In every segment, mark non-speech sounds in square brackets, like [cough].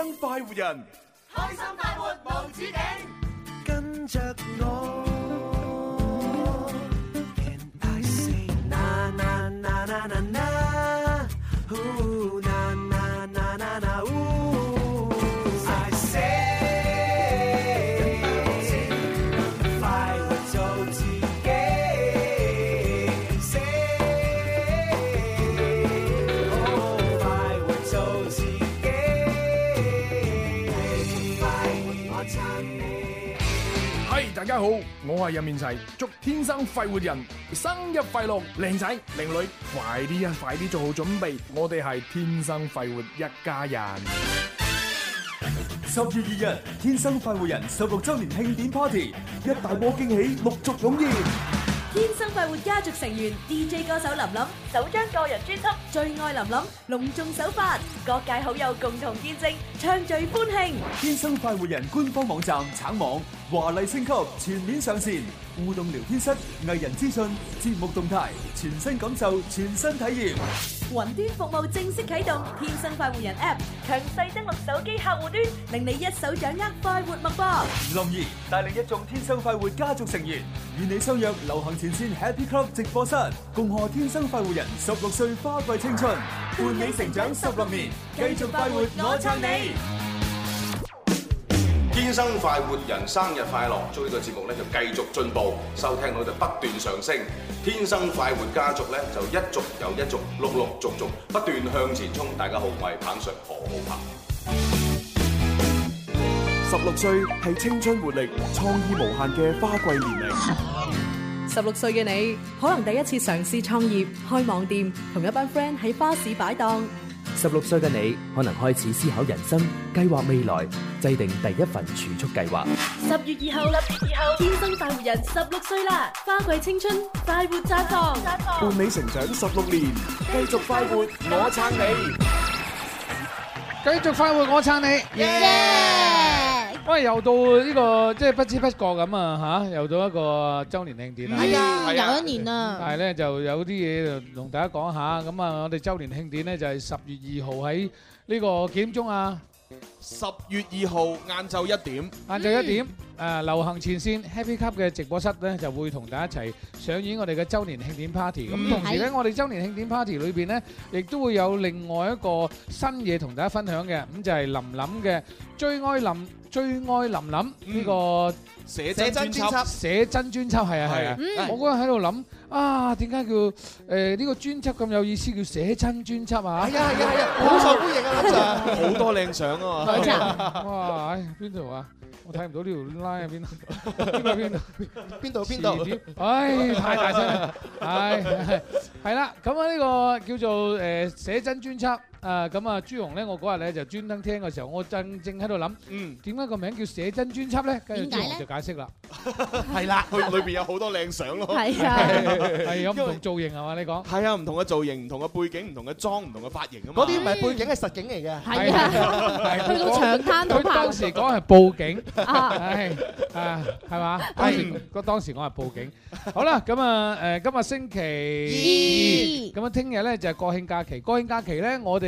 天生快活人，開心快活無止境，跟着我。好，我係任明齊，祝天生快活人生日快樂，靚仔靚女，快啲啊，快啲做好準備，我哋係天生快活一家人。十月二日，天生快活人十六周年慶典 party，一大波驚喜陸續湧現。天生快活家族成員 DJ 歌手林琳，首張個人專輯《最愛林琳》隆重首發，各界好友共同見證，暢聚歡慶。天生快活人官方網站橙網。華麗升級，全面上線，互動聊天室、藝人資訊、節目動態，全新感受，全新體驗。雲端服務正式啟動，天生快活人 App 強勢登陸手機客戶端，令你一手掌握快活脈搏。林兒帶領一衆天生快活家族成員與你相約流行前線 Happy Club 直播室，共賀天生快活人十六歲花季青春，伴你成長十六年，繼續快活，我唱你。天生快活人生日快樂，祝呢個節目咧就繼續進步，收聽率就不斷上升。天生快活家族咧就一族又一族，陸陸續續不斷向前衝。大家好，我係彭 Sir 何浩鵬。十六歲係青春活力、創意無限嘅花季年齡。十六歲嘅你，可能第一次嘗試創業，開網店，同一班 friend 喺花市擺檔。十六歲嘅你，可能開始思考人生，計劃未來，制定第一份儲蓄計劃。十月二號啦，二號天生快活人，十六歲啦，花季青春，快活綻放，伴你成長十六年，繼續快活我撐你，繼續快活我撐你。喂，又到呢個即係不知不覺咁啊，嚇！又到一個周年慶典啦，係啊，又一年啦。但係咧就有啲嘢就同大家講下，咁啊，我哋周年慶典咧就係十月二號喺呢個幾點鐘啊？十月二號晏晝一點，晏晝一點，誒流行前線 Happy Cup 嘅直播室咧就會同大家一齊上演我哋嘅周年慶典 party。咁同時咧，我哋周年慶典 party 裏邊咧，亦都會有另外一個新嘢同大家分享嘅，咁就係林琳嘅最愛林。最愛林琳呢個寫真專輯，寫真專輯係啊，我嗰日喺度諗啊，點解叫誒呢個專輯咁有意思叫寫真專輯啊？係啊，係啊，係啊，好受歡迎啊，好多靚相啊，哇！邊度啊？我睇唔到呢條 line 喺邊度？邊度？邊度？邊度？唉，太大聲啦！唉，係啦，咁啊呢個叫做誒寫真專輯。誒咁啊，朱紅咧，我嗰日咧就專登聽嘅時候，我真正喺度諗，點解個名叫寫真專輯咧？跟住朱紅就解釋啦，係啦，佢裏邊有好多靚相咯，係啊，係有唔同造型係嘛？你講係啊，唔同嘅造型，唔同嘅背景，唔同嘅裝，唔同嘅髮型啊嘛。嗰啲唔係背景，係實景嚟嘅，係啊，去到長灘都拍。佢當時講係佈景，係啊，係嘛？當時個當時講係佈景。好啦，咁啊誒，今日星期二，咁啊，聽日咧就係國慶假期。國慶假期咧，我哋。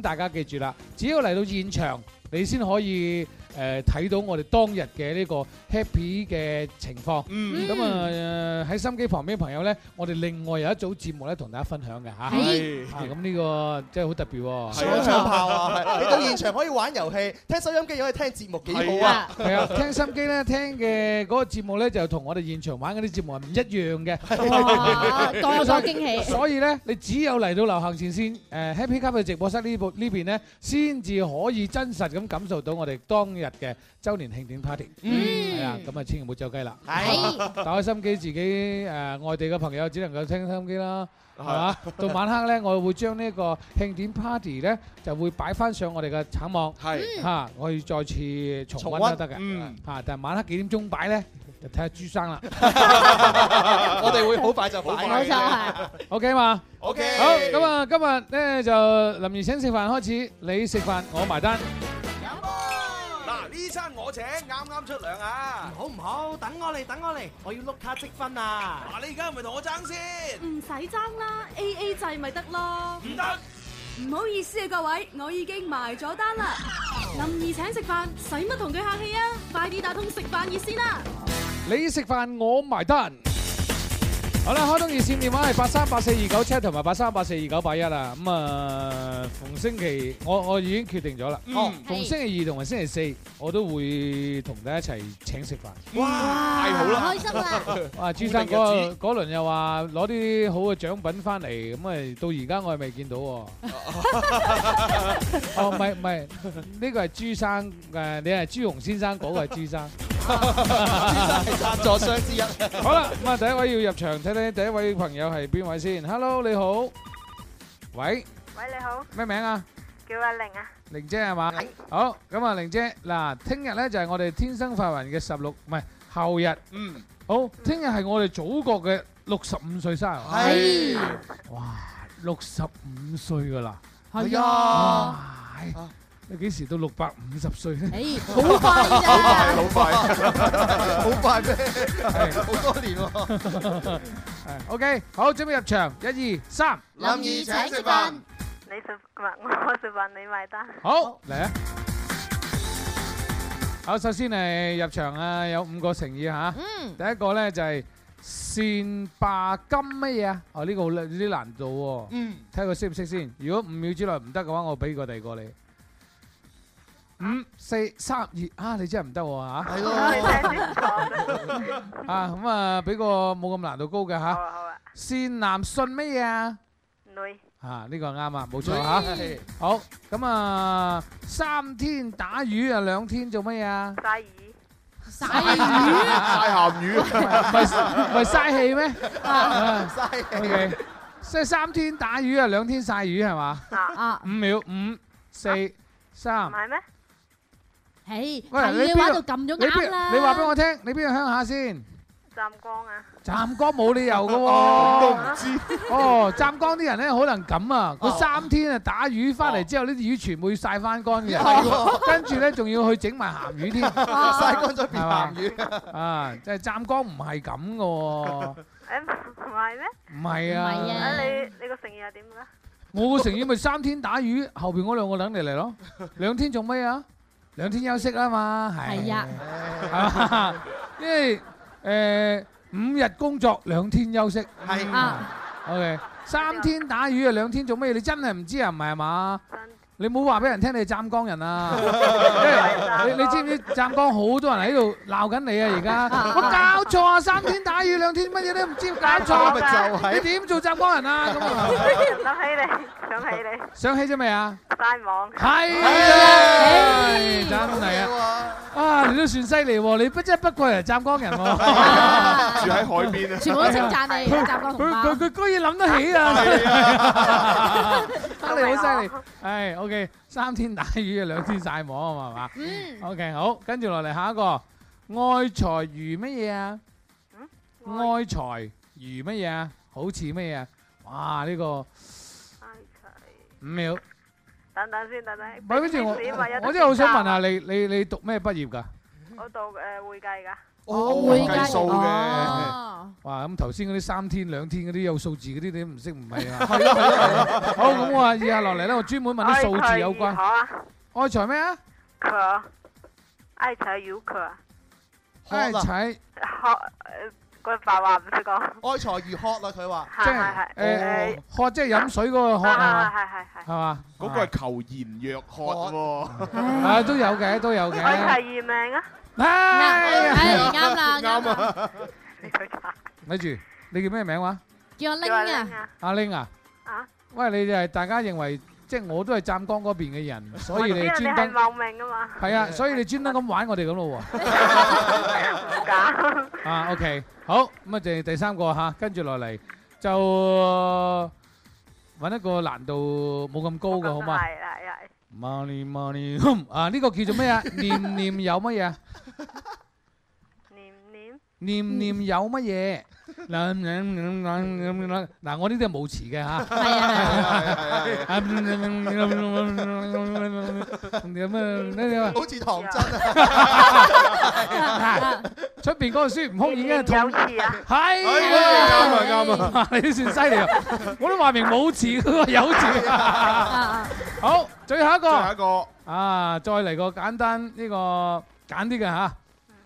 大家記住啦，只要嚟到現場，你先可以。誒睇到我哋當日嘅呢個 happy 嘅情況，咁啊喺收音機旁邊朋友咧，我哋另外有一組節目咧同大家分享嘅嚇，咁呢個真係好特別喎，雙槍炮啊！你到現場可以玩遊戲，聽收音機又可以聽節目，幾好啊！係啊，聽收音機咧聽嘅嗰個節目咧就同我哋現場玩嗰啲節目係唔一樣嘅，多咗驚喜。所以咧，你只有嚟到流行前線誒 happy cup 直播室呢部呢邊咧，先至可以真實咁感受到我哋當日。嘅周年慶典 party，係啊，咁啊千祈唔好走雞啦，打開收音機，自己誒外地嘅朋友只能夠聽收音機啦，係嘛？到晚黑咧，我會將呢個慶典 party 咧，就會擺翻上我哋嘅產網，係嚇，可以再次重溫都得嘅，嗯嚇。但係晚黑幾點鐘擺咧，就睇下朱生啦，我哋會好快就好翻，冇錯，OK 嘛，OK。好咁啊，今日咧就林如請食飯開始，你食飯我埋單。呢餐我請，啱啱出糧啊！好唔好？等我嚟，等我嚟，我要碌卡積分啊！嗱，你而家係咪同我爭先？唔使爭啦，A A 制咪得咯。唔得行，唔好意思啊，各位，我已經埋咗單啦。哇林二請食飯，使乜同佢客氣啊？快啲打通食飯熱先啦，啊！你食飯我埋單。好啦，開通熱線電話係八三八四二九七同埋八三八四二九八一啦。咁啊，逢星期我我已經決定咗啦。嗯，逢星期二同埋星期四，我都會同大家一齊請食飯。哇，太好啦，開心啊！哇，朱生嗰嗰輪又話攞啲好嘅獎品翻嚟，咁啊到而家我未見到。哦，唔係唔係，呢個係朱生誒，你係豬紅先生，嗰個係朱生。天生係贊助商之一。好啦，咁啊，第一位要入場睇咧，第一位朋友係邊位先？Hello，你好。喂。喂，你好。咩名啊？叫阿玲啊。玲姐係嘛？係。好，咁啊，玲姐，嗱，聽日咧就係我哋天生快活人嘅十六，唔係後日。嗯。好，聽日係我哋祖國嘅六十五歲生日。係。哇，六十五歲噶啦。係啊。係。你幾時到六百五十歲咧？哎，好快啊！好快，好快啫！好多年喎。係，OK，好，準備入場，一二三。林怡，請食飯。你食唔係我食飯，你埋單。好，嚟啊！好，首先係入場啊，有五個誠意吓。嗯。第一個咧就係善罷甘乜嘢啊？哦，呢個好呢啲難做。嗯。睇下佢識唔識先。如果五秒之內唔得嘅話，我俾個第二個你。五四三二啊！你真係唔得喎嚇，係咯。啊咁啊，俾個冇咁難度高嘅嚇。好啊好啊。善男信咩嘢啊？女。啊呢個係啱啊，冇錯嚇。好咁啊，三天打魚啊，兩天做咩嘢啊？曬魚。曬魚。曬鹹魚，咪咪嘥氣咩？嘥氣。即係三天打魚啊，兩天曬魚係嘛？啊啊！五秒，五四三。唔係咩？誒，係你喺度撳咗眼啦！你話俾我聽，你邊度鄉下先？湛江啊！湛江冇理由噶，都唔知。哦，湛江啲人咧可能咁啊，佢三天啊打魚翻嚟之後，啲魚全部曬翻乾嘅，跟住咧仲要去整埋鹹魚添，曬乾咗變鹹魚啊！即係湛江唔係咁噶喎。誒，唔係咩？唔係啊！你你個成語係點噶？我個成語咪三天打魚，後邊嗰兩個等你嚟咯。兩天做咩啊？兩天休息啊嘛，係啊，因為誒五日工作兩天休息，係啊、嗯、啊，OK，三天打魚啊兩天做咩？你真係唔知啊，唔係啊嘛？你唔好話俾人聽你係湛江人啊！ [laughs] 你你，你知唔知湛江好多人喺度鬧緊你啊？而家我搞錯啊，三天打魚兩天乜嘢都唔知搞錯咪就係，你點做湛江人啊？咁啊，想起你，想起你，想起咗未啊？曬網，係啊，真係啊！啊，你都算犀利喎！你不知不愧係湛江人喎，住喺海邊啊，全部都稱讚你湛江同胞。佢佢佢居然諗得起啊！真係好犀利！誒，OK，三天打魚啊兩天曬網啊嘛，係嘛？嗯，OK，好，跟住落嚟下一個，愛財如乜嘢啊？嗯，愛財如乜嘢啊？好似乜嘢啊？哇！呢個五秒。等等先，等等。唔係跟住我，我真係好想問下你，你你讀咩畢業㗎？我讀誒會計㗎。我會計數嘅。哇，咁頭先嗰啲三天兩天嗰啲有數字嗰啲，你唔識唔係啊？好，咁我試下落嚟咧，我專門問啲數字有關。好啊。愛財咩啊？可，愛財有可。愛財。好，誒。佢白話唔識講，愛財如渴啦！佢話，即係誒渴，即係飲水嗰個渴啊！係係係，係嘛？嗰個係求賢若渴喎，啊都有嘅，都有嘅，愛財如命啊！啱啊，啱啊，你睇住，你叫咩名話？叫阿玲啊！阿玲啊！啊！喂，你哋係大家認為？即係我都係湛江嗰邊嘅人，所以你專登係啊，所以你專登咁玩我哋咁咯喎。冇假。啊，OK，好咁啊，就第三個吓，跟住落嚟就搵一個難度冇咁高嘅好嘛？係啦，係。Money, money, 啊呢個叫做咩啊？念念有乜嘢？念念念念有乜嘢？嗱嗱我呢啲係冇詞嘅吓，有咩？係好似唐僧啊！出邊嗰個孫悟空已經係唐僧係啊，啊咁啊，你都算犀利啊！我都話明冇詞喎，有詞好，最後一個，下一個啊，再嚟個簡單呢個簡啲嘅吓，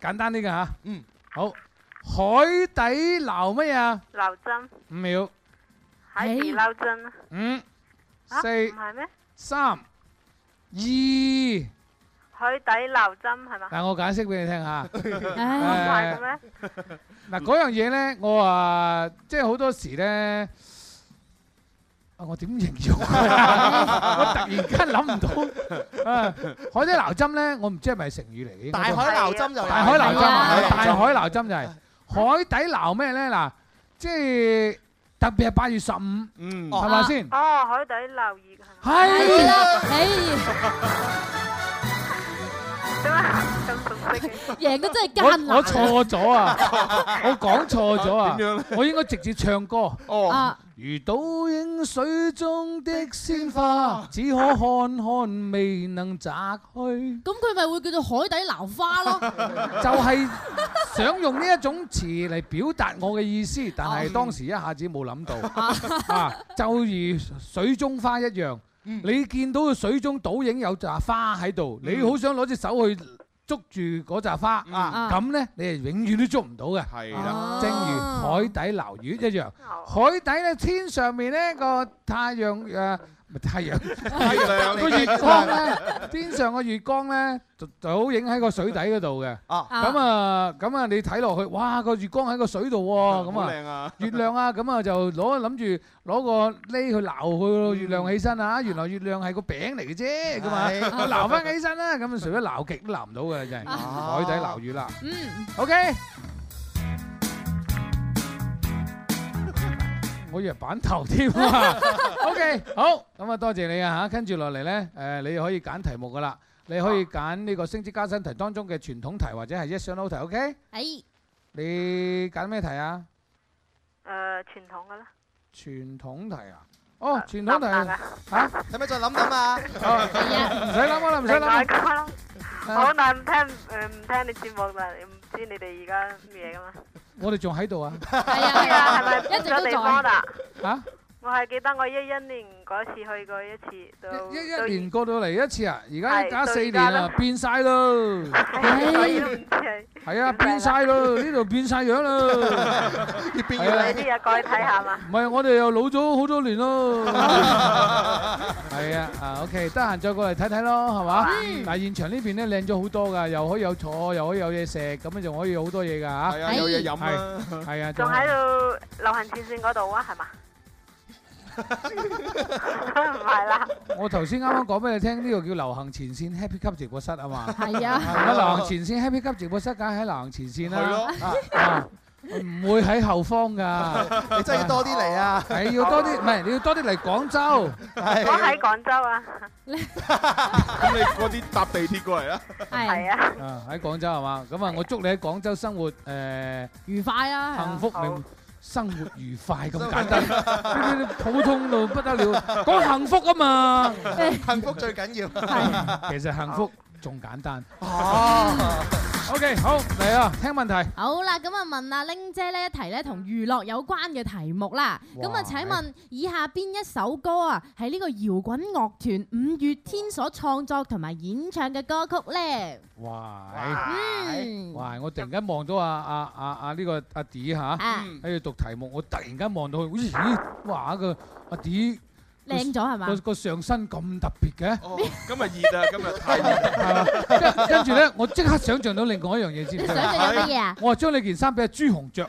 簡單啲嘅吓，嗯，好。海底撈咩啊？撈針，五秒。海底撈針。五、四、三、二。海底撈針係嘛？嗱，我解釋俾你聽下。唉，唔係嘅咩？嗱，嗰樣嘢咧，我啊，即係好多時咧，啊，我點形容啊？我突然間諗唔到。海底撈針咧，我唔知係咪成語嚟嘅。大海撈針就係。大海撈針，大海撈針就係。海底撈咩咧？嗱、啊，即係特別係八月十五、嗯，係咪先？哦，oh, 海底撈月係咪？係、啊、啦，咁熟悉？贏得真係艱難。我我錯咗啊！我講錯咗啊！點樣我應該直接唱歌。哦。如倒影水中的鮮花，只可看看，未能摘去。咁佢咪會叫做海底撈花咯？就係想用呢一種詞嚟表達我嘅意思，但係當時一下子冇諗到。 [laughs] 啊，就如水中花一樣，嗯、你見到個水中倒影有扎花喺度，你好想攞隻手去。捉住嗰扎花，嗯、啊，咁呢你係永遠都捉唔到嘅。係啦的，正如海底撈魚一樣，啊、海底呢，天上面呢個太陽。誒、呃。太陽，太陽，個月光咧，天上個月光咧，就就好影喺個水底嗰度嘅。啊，咁啊，咁啊，你睇落去，哇，個月光喺個水度喎。咁啊，月亮啊，咁啊就攞諗住攞個釘去撈佢咯。月亮起身啊，原來月亮係個餅嚟嘅啫，咁啊，撈翻起身啦。咁啊，除咗撈極都撈唔到嘅，就係海底撈月啦。嗯，OK。我以為版頭添啊！OK，好，咁啊多謝你啊嚇，跟住落嚟咧，誒你可以揀題目噶啦，你可以揀呢個升職加薪題當中嘅傳統題或者係一上腦題，OK？哎，你揀咩題啊？誒，傳統噶啦。傳統題啊？哦，傳統題嚇，使唔使再諗諗啊？唔使諗啦，唔使諗。好難聽誒唔聽你節目啦，你唔知你哋而家咩嘢噶嘛？我哋仲喺度啊！係啊係啊，係咪一直都在啊！我係記得我一一年嗰次去過一次，到一一年過到嚟一次啊！而家而家四年啊，變晒咯！係啊，變晒咯，呢度變晒樣咯，要變樣。你啲嘢過去睇下嘛？唔係，我哋又老咗好多年咯。係啊，啊 OK，得閒再過嚟睇睇咯，係嘛？嗱，現場呢邊咧靚咗好多噶，又可以有坐，又可以有嘢食，咁啊，仲可以好多嘢噶吓，有嘢飲啦，係啊，仲喺度流行前綫嗰度啊，係嘛？唔係啦，我頭先啱啱講俾你聽，呢個叫流行前線 Happy Cup 直播室啊嘛。係啊，流行前線 Happy Cup 直播室梗係喺流行前線啦，唔會喺後方噶。你真係要多啲嚟啊！係，要多啲，唔係你要多啲嚟廣州。我喺廣州啊，咁你嗰啲搭地鐵過嚟啊？係啊，喺廣州係嘛？咁啊，我祝你喺廣州生活誒愉快啊，幸福。生活愉快咁簡單，簡單，普通到不得了。講 [laughs] 幸福啊嘛，幸福最緊要。其實幸福。仲簡單哦。OK，好嚟啊，聽問題。好啦，咁啊問阿琳姐呢一題咧同娛樂有關嘅題目啦。咁啊，請問以下邊一首歌啊係呢個搖滾樂團五月天所創作同埋演唱嘅歌曲咧？哇！哇！哇！我突然間望到阿阿阿阿呢個阿 Dee 嚇喺度讀題目，我突然間望到佢，咦？哇！個阿 Dee。靚咗係嘛？個個上身咁特別嘅，咁咪熱啊！咁咪太熱啦！跟住咧，我即刻想象到另外一樣嘢，知唔知啊？你想象乜嘢啊？我話將你件衫俾阿豬紅著。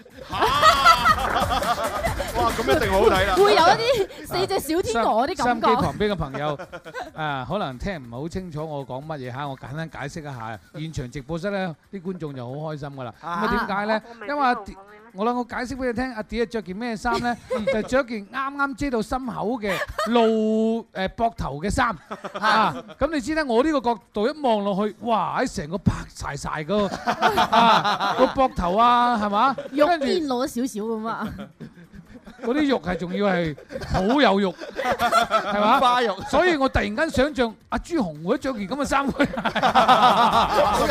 哇！咁一定好睇啦。會有一啲四隻小天鵝啲感覺。收音機旁邊嘅朋友，啊，可能聽唔係好清楚我講乜嘢吓，我簡單解釋一下。現場直播室咧，啲觀眾就好開心㗎啦。咁啊點解咧？因為，我諗我解釋俾你聽，阿 D 啊，着 [laughs] 件咩衫咧？就着件啱啱遮到心口嘅露誒膊頭嘅衫嚇。咁、 [laughs] 啊、你知啦，我呢個角度一望落去，哇！喺成個白晒曬嗰個膊頭啊，係嘛 [laughs] 吧？用邊露咗少少咁啊！嗰啲肉係仲要係好有肉，係嘛？花肉，所以我突然間想象阿朱紅會着件咁嘅衫去，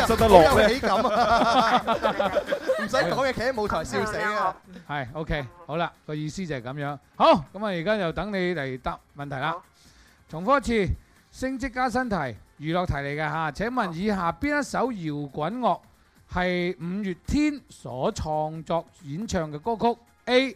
都覺得好有喜感啊！唔使講嘅，企喺舞台笑死啊！係，OK，好啦，個意思就係咁樣。好，咁啊，而家就等你嚟答問題啦。重複一次，升職加薪題，娛樂題嚟嘅嚇。請問以下邊一首搖滾樂係五月天所創作演唱嘅歌曲？A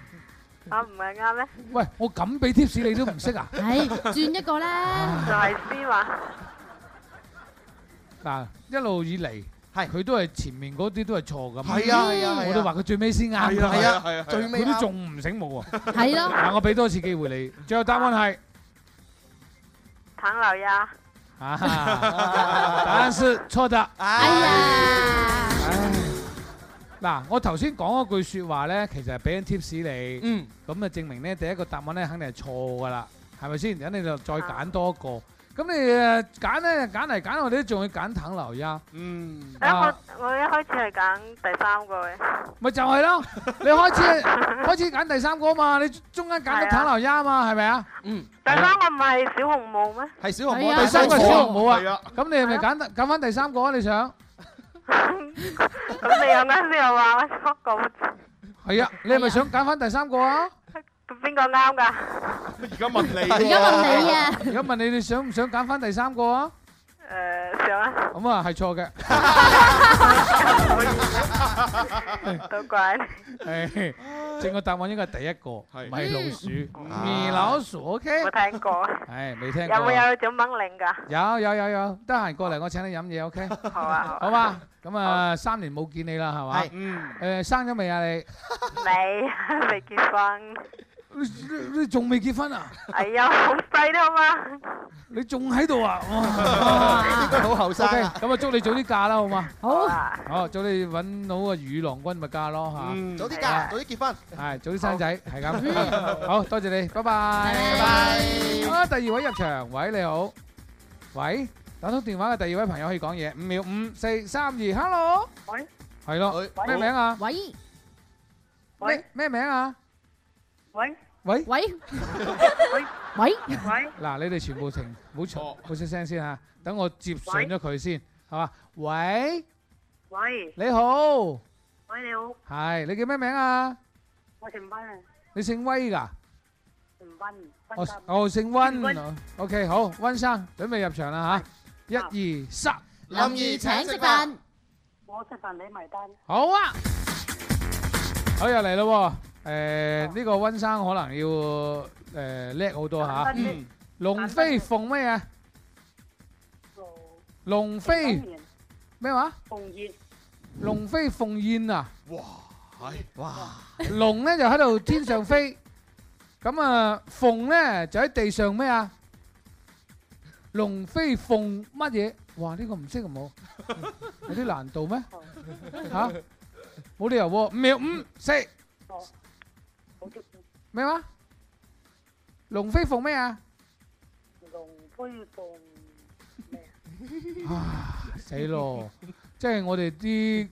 啊，唔係啱咩？喂，我咁俾 tips 你都唔識啊？係，轉一個咧，就係司馬。嗱，一路以嚟，係佢都係前面嗰啲都係錯噶。係啊係啊，我都話佢最尾先啱。係啊係啊，最尾啱。佢都仲唔醒目喎。係咯。嗱，我俾多次機會你。最後答案係唐老鴨。啊，答案是錯的。哎呀！嗱，我頭先講嗰句説話咧，其實俾緊 tips 你，咁啊證明咧第一個答案咧肯定係錯㗎啦，係咪先？咁你就再揀多個，咁你揀咧揀嚟揀去，我哋都仲要揀藤牛呀？嗯，啊，我我一開始係揀第三個嘅，咪就係咯，你開始開始揀第三個啊嘛，你中間揀咗藤牛呀嘛，係咪啊？嗯，第三個唔係小紅帽咩？係小紅帽，第三個小紅帽啊，咁你係咪揀得揀翻第三個啊？你想？咁 [laughs] 你又啱先又話我錯個字，係啊，你係咪想揀翻第三個啊？邊個啱噶？而 [laughs] 家問你！而家 [laughs] 問你啊！而家問你，你想唔想揀翻第三個啊？誒，咁啊，係錯嘅，都怪你。誒，正確答案應該係第一個，米老鼠，米老鼠，O K？冇聽過，係未聽過？有冇，有獎品領噶？有有有有，得閒過嚟我請你飲嘢，O K？好啊，好，好嘛。咁啊，三年冇見你啦，係嘛？係，嗯。誒，生咗未啊你？未啊，未結婚。你你你仲未結婚啊？係啊，好細啦嘛。你仲喺度啊？哇，應該好後生。咁啊，祝你早啲嫁啦，好嘛？好。好，祝你搵到個如意郎君咪嫁咯吓。嗯。早啲嫁，早啲結婚。係，早啲生仔，係咁。好多謝你，拜拜。拜拜。好，第二位入場，喂，你好。喂，打通電話嘅第二位朋友可以講嘢。五秒，五四三二，hello。喂。係咯。喂。咩名啊？喂。喂。咩咩名啊？喂喂喂喂喂！嗱，你哋全部停，唔好嘈，唔好出聲先吓，等我接上咗佢先，係嘛？喂喂，你好，喂你好，係，你叫咩名啊？我姓温啊，你姓温噶？温，我我姓温，OK，好，温生準備入場啦吓，一二三，林儀請食飯，我食飯你埋單，好啊，好又嚟咯喎。誒，呢、呃哦、個溫生可能要誒叻好多吓，啊、嗯。龍飛鳳咩啊？龍、嗯、飛咩話？鳳燕。龍飛鳳燕啊！嗯、哇，哇。龍咧就喺度天上飛，咁 [laughs] 啊鳳咧就喺地上咩啊？龍飛鳳乜嘢？哇，呢、這個唔識好冇， [laughs] 有啲難度咩？吓、哦，冇、啊、理由、啊，五秒五四。哦咩話？龍飛鳳咩啊？龍飛鳳咩啊？死咯！ [laughs] 即係我哋啲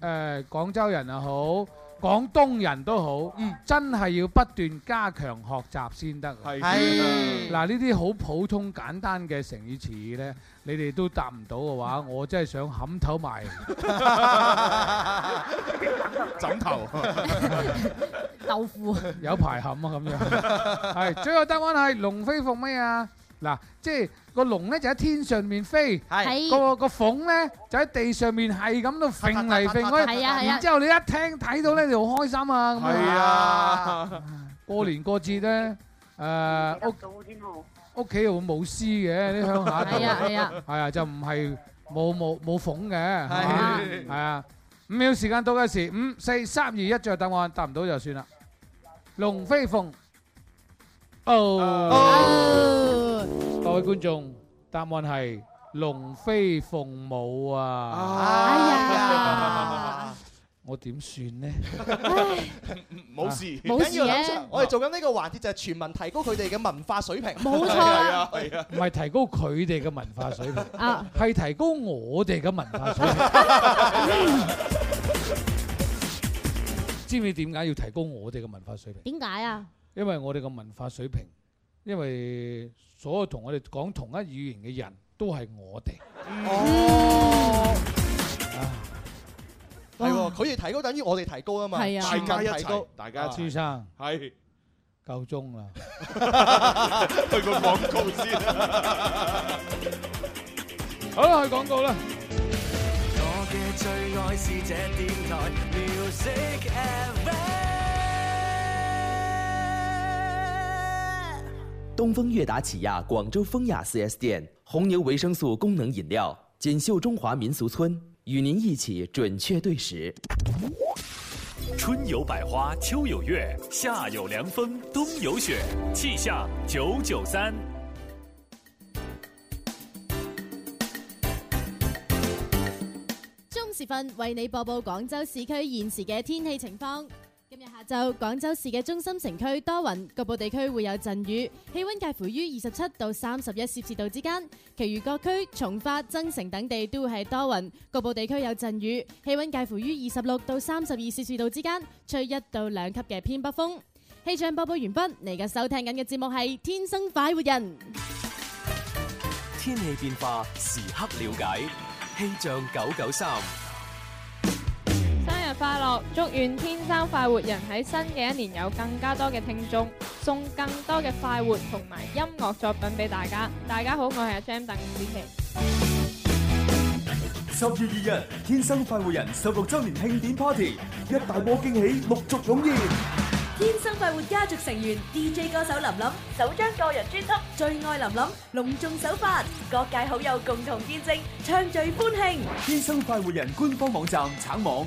誒廣州人啊，好。哦廣東人都好，真係要不斷加強學習先得。係的，嗱呢啲好普通簡單嘅成語詞語咧，你哋都答唔到嘅話，我真係想冚頭埋 [laughs] [laughs] 枕頭豆腐，有排冚啊咁樣。係， [laughs] 最後答案係龍飛鳳咩啊？嗱，即係。個龍咧就喺天上面飛，個個鳳咧就喺地上面係咁度揈嚟揈去，然之後你一聽睇到咧，你好開心啊！咁樣啊，過年過節咧，誒屋企會冇詩嘅啲鄉下，係啊係啊，係啊就唔係冇冇冇鳳嘅，係啊，五秒時間到嘅時，五四三二一，再等我答唔到就算啦，龍飛鳳，哦。各位觀眾，答案係龍飛鳳舞啊！哎呀，我點算呢？冇事，冇緊要嘅。我哋做緊呢個環節就係全民提高佢哋嘅文化水平。冇錯，係啊，係啊，唔係提高佢哋嘅文化水平，係提高我哋嘅文化水平。知唔知點解要提高我哋嘅文化水平？點解啊？因為我哋嘅文化水平。因為所有同我哋講同一語言嘅人都係我哋，哦，係喎，佢哋提高，等於我哋提高啊嘛，係啊，大家提高，大家朱生，係夠鐘啦，去個廣告先啦，好啦，去廣告啦。東風悅達起亞廣州風雅 4S 店，紅牛維生素功能飲料，錦繡中華民俗村，與您一起準確對時。春有百花，秋有月，夏有涼風，冬有雪，氣象九九三。鐘時分為你播報廣州市區現時嘅天氣情況。今日下晝，廣州市嘅中心城區多雲，局部地區會有陣雨，氣溫介乎於二十七到三十一攝氏度之間。其餘各區從化、增城等地都係多雲，局部地區有陣雨，氣溫介乎於二十六到三十二攝氏度之間，吹一到兩級嘅偏北風。氣象播報完畢，你而家收聽緊嘅節目係《天生快活人》，天氣變化時刻了解，氣象九九三。快樂，祝願天生快活人喺新嘅一年有更加多嘅聽眾，送更多嘅快活同埋音樂作品俾大家。大家好，我係阿 Jam 鄧紫棋。十月二日，天生快活人十六周年慶典 Party，一大波驚喜陸續湧現。天生快活家族成員 DJ 歌手林琳首張個人專輯《最愛林琳》隆重首發，各界好友共同見證，暢聚歡慶。天生快活人官方網站橙網。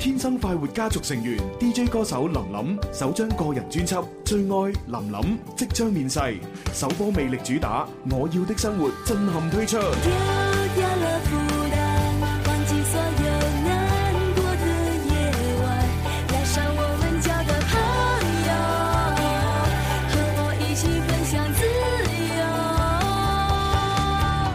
天生快活家族成員 DJ 歌手林琳，首張個人專輯《最愛林琳》即將面世，首波魅力主打《我要的生活》震撼推出。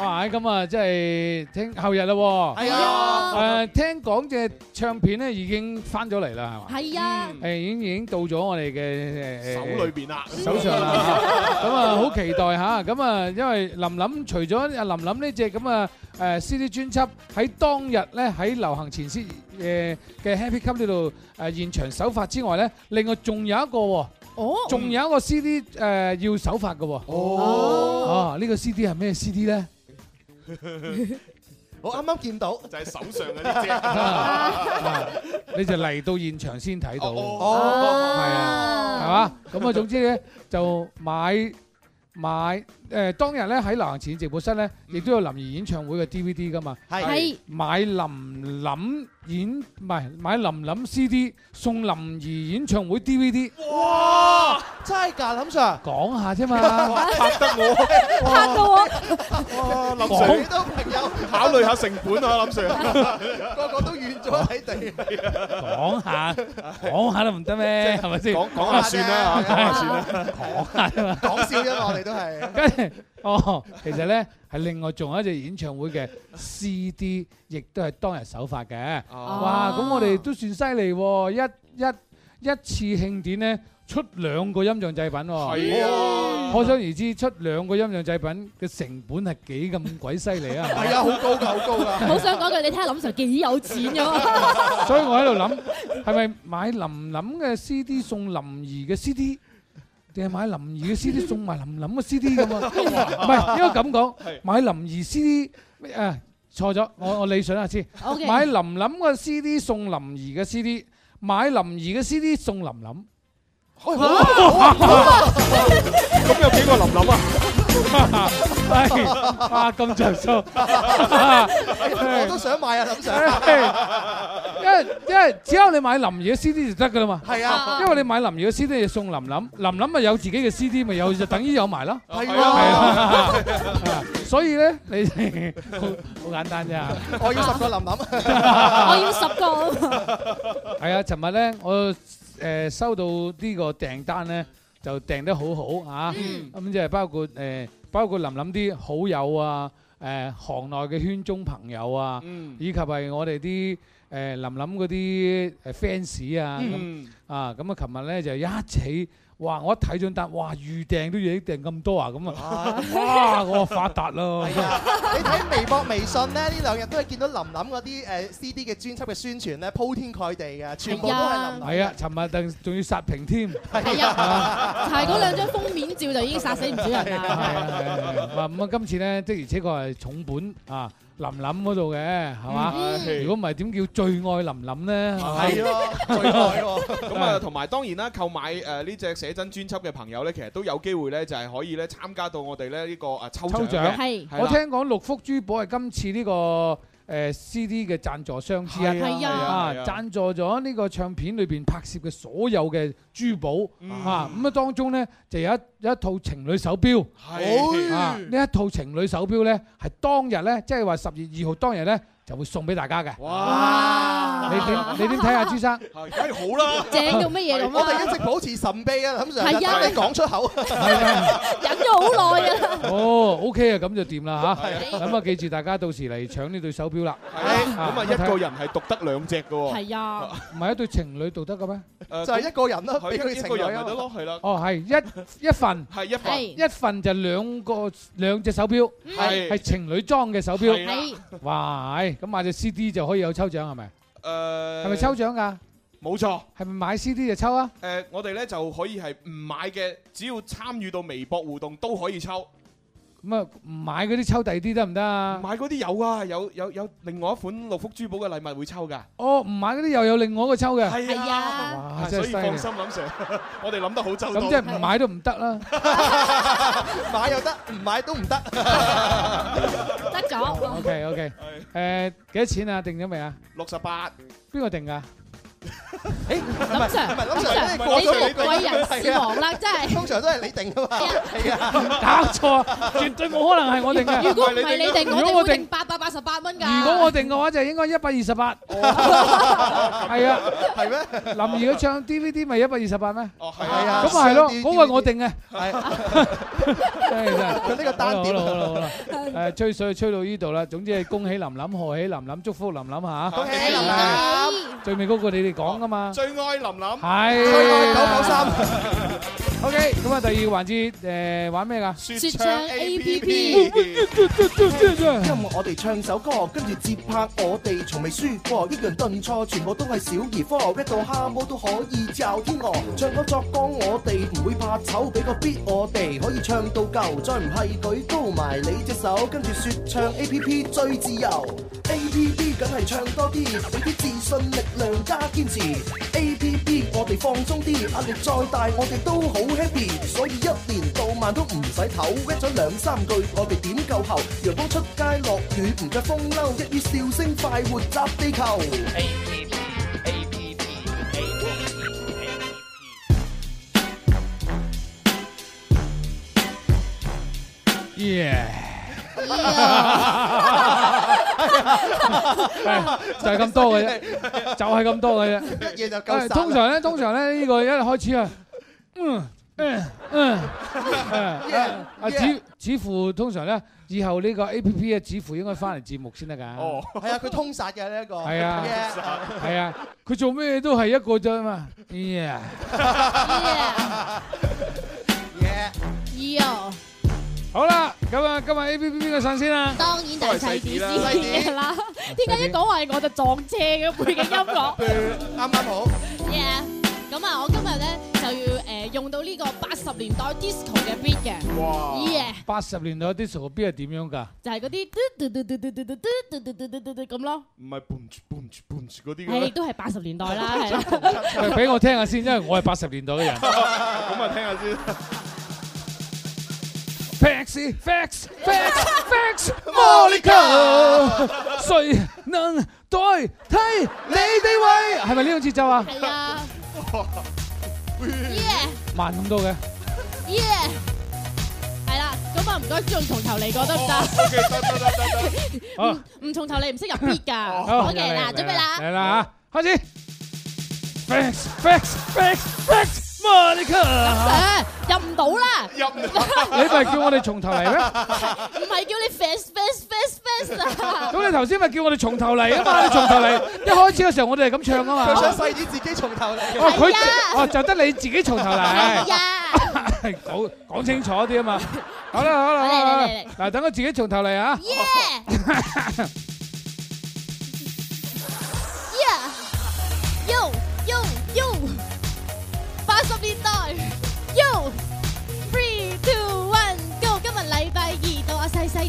哇！咁啊，即係聽後日咯，係啊！誒，聽講隻唱片咧已經翻咗嚟啦，係嘛？係啊！誒，已經已經到咗我哋嘅手裏邊啦，手上啦！咁啊，好期待吓！咁啊，因為林琳除咗阿林琳呢隻咁啊誒 CD 專輯喺當日咧喺流行前線誒嘅 Happy Cup 呢度誒現場首發之外咧，另外仲有一個喎，哦，仲有一個 CD 誒要首發㗎喎，哦，啊，呢個 CD 係咩 CD 咧？我啱啱見到就係手上嗰啲啫，嗱你就嚟到現場先睇到。係啊？係嘛？咁啊，總之咧就買買誒，當日咧喺流行前直播室咧，亦都有林琳演唱會嘅 DVD 噶嘛，係買林琳。演唔係買林琳 CD 送林兒演唱會 DVD，哇！真係噶，林 Sir，講下啫嘛，嚇得我，嚇到我，哇！林 Sir，好多朋友考慮下成本啊，林 Sir，個個都遠咗喺地嚟啊，講下講下都唔得咩？係咪先？講講下算啦，講下算啦，講下啫嘛。講笑啫，我哋都係。哦，其實咧係另外仲有一隻演唱會嘅 CD，亦都係當日首發嘅。哇，咁我哋都算犀利喎！一一一次慶典咧出兩個音像製品喎，可想而知出兩個音像製品嘅成本係幾咁鬼犀利啊！係啊，好高噶，好高噶！好想講句你聽下，林 Sir 幾有錢㗎嘛？所以我喺度諗，係咪買林林嘅 CD 送林兒嘅 CD？你買林儀嘅 CD 送埋林琳嘅 CD 咁啊？唔係應該咁講，買林儀 CD，誒，錯咗，我我理想下先。買林琳嘅 CD 送林儀嘅 CD，買林儀嘅 CD 送林琳。咁有幾個林琳啊？係啊，咁着數，我都想買啊，諗想，因為因為只有你買林野嘅 CD 就得噶啦嘛，係啊，因為你買林野嘅 CD，要送林林，林林咪有自己嘅 CD，咪有就等於有埋咯，係啊，所以咧，你好簡單啫，我要十個林林，我要十個，係啊，尋日咧，我誒收到呢個訂單咧，就訂得好好啊，咁即係包括誒。包括琳琳啲好友啊，誒、呃、行內嘅圈中朋友啊，嗯、以及係我哋啲誒琳琳嗰啲 fans 啊，啊咁、嗯、啊，琴日咧就一起。哇！我一睇張單，哇預訂都預訂咁多啊！咁啊，哇！我發達咯～、係啊、樣你睇微博、微信咧，呢兩日都係見到林琳嗰啲誒 CD 嘅專輯嘅宣傳咧，鋪天蓋地嘅，全部都係林琳，係啊，尋日仲仲要殺屏添。係啊，係嗰、啊、兩張封面照就已經殺死唔少人啦。係啊，咁啊，啊，啊，啊，啊、嗯、啊，今次咧，即係而且確係重本啊。林琳嗰度嘅，係嘛？如果唔係點叫最愛林琳呢？係咯、啊， [laughs] 最愛喎。咁啊，同埋當然啦，購買誒呢隻寫真專輯嘅朋友呢，其實都有機會呢，就係、是、可以呢參加到我哋咧呢、呢個啊抽獎，抽獎。係對，啦我聽講六福珠寶係今次呢、呢個。誒、嗯、CD 嘅贊助商之一啊，贊助咗呢個唱片裏邊拍攝嘅所有嘅珠寶嚇，咁啊，啊，啊，啊當中咧就有一一套情侶手錶，呢、啊哎啊、一套情侶手錶咧係當日咧，即係話十月二號當日咧。就會送俾大家嘅。哇！你點你點睇下，朱生梗係好啦。正到乜嘢咁啊？我哋一直保持神秘啊，咁就你講出口。忍咗好耐啊！哦，OK 啊，咁就掂啦嚇。咁啊，記住大家到時嚟搶呢對手錶啦。咁啊，一個人係獨得兩隻嘅喎。係啊，唔係一對情侶獨得嘅咩？就係一個人咯，一對情侶咪得咯，係啦。哦，係一一份係一份就兩個兩隻手錶，係係情侶裝嘅手錶。你哇！係。咁買隻 CD 就可以有抽獎係咪？誒係咪抽獎㗎？冇錯，係咪買 CD 就抽啊？呃，我哋呢就可以係唔買嘅，只要參與到微博互動都可以抽。咁啊唔買嗰啲抽第二啲得唔得啊？唔買嗰啲有啊，有有有另外一款六福珠寶嘅禮物會抽噶。哦，唔買嗰啲又有另外一個抽嘅。係啊，哇，真係犀利。所以放心諗成，我哋諗得好周到。咁即係唔買都唔得啦。買又得，唔買都唔得，得咗。OK OK，誒幾多錢啊？定咗未啊？六十八，邊個定㗎？誒，通常你都貴人事忙啦，真係通常都係你定噶嘛，係啊，搞錯，絕對冇可能係我定嘅。如果唔係你定，如果我定會定八百八十八蚊噶。如果我定嘅話就係應該一百二十八，係啊，係咩？林怡佢唱 DVD 咪一百二十八咩？哦，係啊，咁咪係咯，嗰個我定嘅，係真係，佢呢個單碟。好啦好啦，誒，吹水吹到呢度啦，總之係恭喜林琳，賀喜林琳，祝福林琳吓，恭喜林琳。最尾嗰個你哋。講噶嘛，最愛琳琳，係、啊、最愛九九三。OK，咁、嗯、啊，第二個環節誒、呃、玩咩㗎？説唱 A P P。因為我哋唱首歌，跟住節拍，我哋從未輸過，一樣頓挫，全部都係小兒科。一到哈摩都可以驕天鵝，唱歌作歌我哋唔會怕醜，俾個 beat 我哋可以唱到夠，再唔係舉高埋你隻手，跟住説唱 A P P 最自由，A P P 梗係唱多啲，俾啲自信力量加。堅持 A P P，我哋放鬆啲，壓力再大我哋都好 happy，所以一年到晚都唔使唞，write 咗兩三句，我哋點夠喉？陽光出街，落雨唔再風褸，一於笑聲快活砸地球。A P P A P P A P P A P P Yeah。係就係咁多嘅啫，就係、是、咁多嘅啫。一嘢就夠。通常咧，通常咧呢個一開始、嗯、 [laughs] yeah, 啊，嗯嗯嗯。啊，Yeah. 啊似乎通常咧，以後呢個 A P P 嘅似乎應該翻嚟節目先得噶。哦，係啊，佢通殺嘅呢一個。係啊，係啊，佢做咩都係一個啫嘛。Yeah。Yeah。Yeah。好啦，咁啊，今日 A P P 邊個上先啊？當然係細 Dee 先啦。點解一講話我就撞車嘅背景音樂？啱啱好？Yeah，咁啊，我今日咧就要誒用到呢個八十年代 disco 嘅 beat 嘅。哇 Yeah 八十年代 disco 嘅 beat 係點樣㗎？就係嗰啲嘟嘟嘟嘟嘟嘟嘟嘟嘟嘟嘟嘟嘟咁咯。唔係半住半住半住嗰啲嘅。係都係八十年代啦。俾我聽下先，因為我係八十年代嘅人。咁啊，聽下先。Faxy, Faxy, Faxy, Faxy, 魔力球，誰能代替你地位？係咪呢種節奏啊？係啊，耶，慢咁多嘅，耶，係啦，咁啊唔該，再從頭嚟過得唔得？唔唔從頭，你唔識入 beat 㗎，好嘅啦，準備啦，嚟啦嚇，開始，Faxy, Faxy, Faxy, Faxy。入唔到啦！入唔到，你咪叫我哋從頭嚟咩？唔係叫你 fast fast fast fast 咁你頭先咪叫我哋從頭嚟啊嘛？你從頭嚟，一開始嘅時候我哋係咁唱噶嘛？佢想細啲自己從頭嚟。哦，佢哦，就得你自己從頭嚟。係啊，講講清楚啲啊嘛。好啦，好啦，好啦，嗱，等佢自己從頭嚟啊。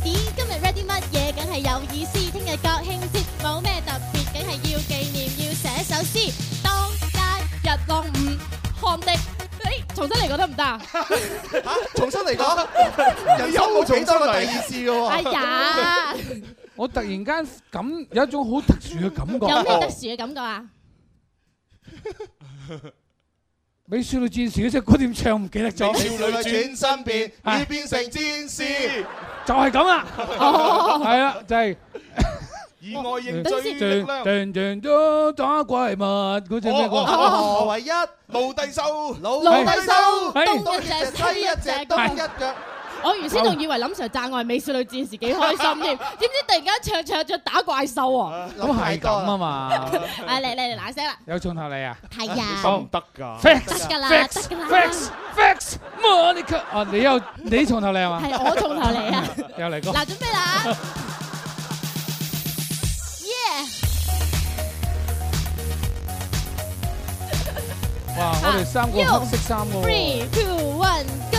今日 ready 乜嘢，梗係有意思。聽日國慶節冇咩特別，梗係要紀念，要寫一首詩。當街日當午汗滴，誒重新嚟過得唔得啊？嚇，重新嚟講，又冇重新嚟嘅意思。哎呀，我突然間感有一種好特殊嘅感覺。有咩特殊嘅感覺啊？美少女戰士嗰隻歌點唱唔記得咗？美少女轉身變，而變成戰士，就係咁啦。係啊，就係以外形最力量，強強都打怪物。嗰隻咩歌？何為一奴隸獸？奴隸獸東一隻西一隻，東一腳。我原先仲以為林 sir 讚我係美少女戰士幾開心添，點知突然間唱唱著打怪獸啊！咁係咁啊嘛！誒，你你哋冷死啦！有重頭嚟啊！係啊！唔得㗎！得㗎啦！得㗎啦！fix fix，乜你佢啊？你又你重頭嚟係嘛？係我重頭嚟啊！又嚟過？嗱，準備啦！Yeah！哇，我哋三個黑色衫㗎喎！Three, two, one, go！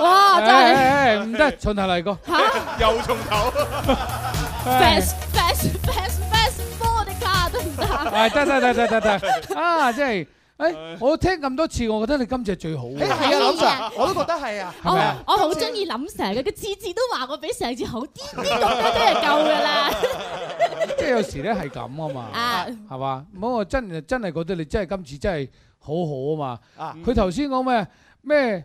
哇！真係唔得，重頭嚟過吓，又重頭。Fast, fast, fast, fast, for the car 得唔得？係得得得得得得啊！真係，誒，我聽咁多次，我覺得你今次係最好嘅。係啊，我都覺得係啊，係咪啊？我好中意諗成日嘅，佢次次都話我比上次好啲啲，呢種都真係夠噶啦。即係有時咧係咁啊嘛，係嘛？唔好話真，真係覺得你真係今次真係好好啊嘛。啊，佢頭先講咩咩？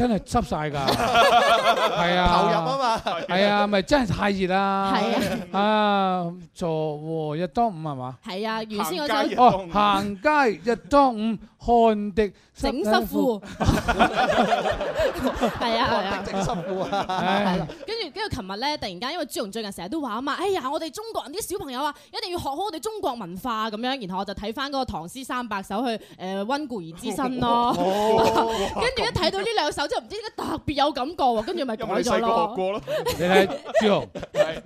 真係濕晒㗎，係啊！投入啊嘛，係啊，咪真係太熱啦，係啊，啊，坐喎日當午係嘛？係啊，原先我想哦行街日當午，汗滴整濕褲，係啊係啊整濕褲啊，係啦。跟住跟住，琴日咧突然間，因為朱紅最近成日都話啊嘛，哎呀，我哋中國人啲小朋友啊，一定要學好我哋中國文化咁樣。然後我就睇翻嗰個唐詩三百首去誒溫故而知新咯。跟住一睇到呢兩首。即係唔知點解特別有感覺喎，跟住咪改咗咯。過 [laughs] 你睇豬紅，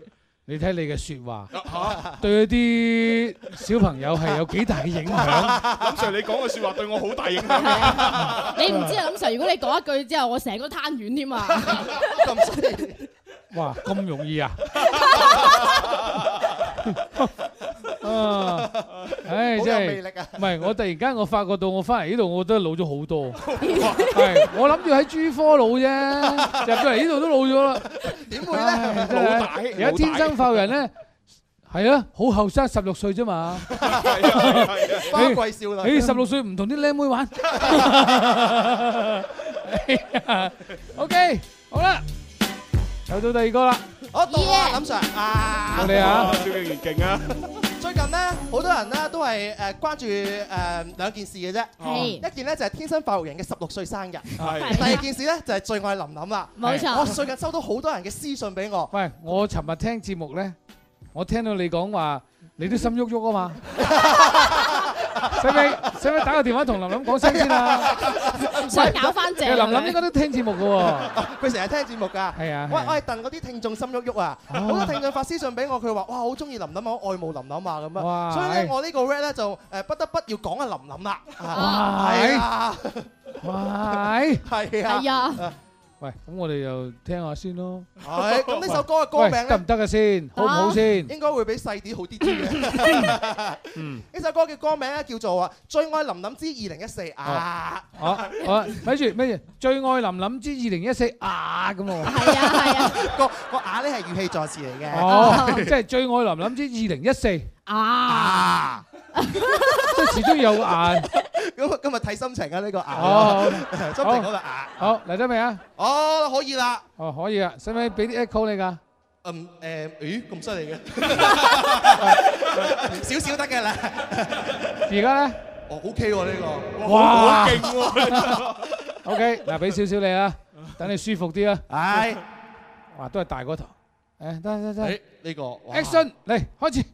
[laughs] 你睇你嘅説話嚇， [laughs] 對一啲小朋友係有幾大嘅影響。林 Sir，你講嘅説話對我好大影響。 [laughs] [laughs] 你唔知啊，林 Sir，如果你講一句之後，我成個攤軟添啊。 [laughs] 哇，咁容易啊！ [laughs] [laughs] 啊！唉，真係，唔係我突然間我發覺到我翻嚟呢度我都老咗好多。係，我諗住喺珠科老啫，入到嚟呢度都老咗啦。點會咧？老底，而家天生快活人咧，係啊，好後生，十六歲啫嘛。花貴少女，誒，十六歲唔同啲僆妹玩。OK，好啦，又到第二個啦。我到啦，林 Sir 啊！我哋啊，小明越勁啊！最近咧，好多人咧都係誒關注誒、呃、兩件事嘅啫，oh. 一件咧就係、是、天生發育型嘅十六歲生日， [laughs] 是第二件事咧就係、是、最愛琳琳啦。冇錯，我最近收到好多人嘅私信俾我。喂，我尋日聽節目咧，我聽到你講話，你都心喐喐啊嘛。 [laughs] [laughs] 使咪使咪打個電話同琳琳講聲先啦，想搞翻正。其實琳琳應該都聽節目嘅喎，佢成日聽節目㗎。係啊，喂喂，鄧嗰啲聽眾心喐喐啊，好多聽眾發私信俾我，佢話哇好中意琳琳啊，愛慕琳琳啊咁啊。哇！所以咧，我呢個 rap 咧就誒，不得不要講啊琳琳啦。係啊，係，係啊，係啊。喂，咁我哋又聽下先咯。係，咁呢首歌嘅歌名得唔得嘅先？好唔好先？應該會比細啲好啲啲。嗯，呢首歌嘅歌名咧叫做啊《最愛林琳之二零一四》啊。啊，睇住咩嘢？《最愛林琳之二零一四》啊咁喎。係啊係啊，個個啊咧係語氣助詞嚟嘅，即係《最愛林琳之二零一四》啊。即係始終有眼，咁今日睇心情啊！呢個眼，心情嗰個眼，好嚟得未啊？哦，可以啦，哦可以啊，使唔使俾啲 echo 你噶？嗯，誒，咦，咁犀利嘅，少少得嘅啦。而家咧，哦，OK 喎呢個，哇，好勁喎。OK，嗱，俾少少你啊，等你舒服啲啊。唉，哇，都係大個頭。誒，得得得，誒，呢個 action 嚟開始。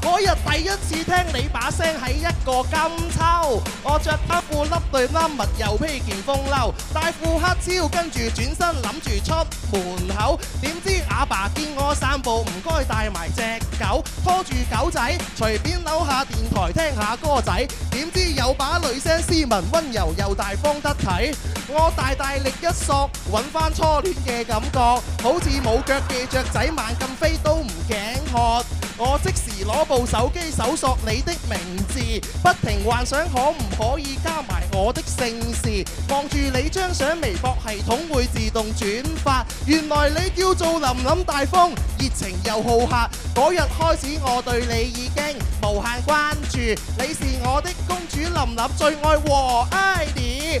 嗰日第一次聽你把聲喺一個金秋，我着黑褲笠對黑襪，又披件風褸，戴副黑超，跟住轉身諗住出，出門口，點知阿爸，爸見我散步唔該帶埋隻狗，拖住狗仔隨便扭下電台聽下歌仔，點知有把女聲斯文温柔又大方得體，我大大力一索揾翻初戀嘅感覺，好似冇腳嘅雀仔猛咁飛都唔頸渴。我即時攞部手機搜索你的名字，不停幻想可唔可以加埋我的姓氏。望住你張相，微博系統會自動轉發。原來你叫做林琳大風，熱情又好客。嗰日開始，我對你已經無限關注。你是我的公主，林琳最愛和艾 D。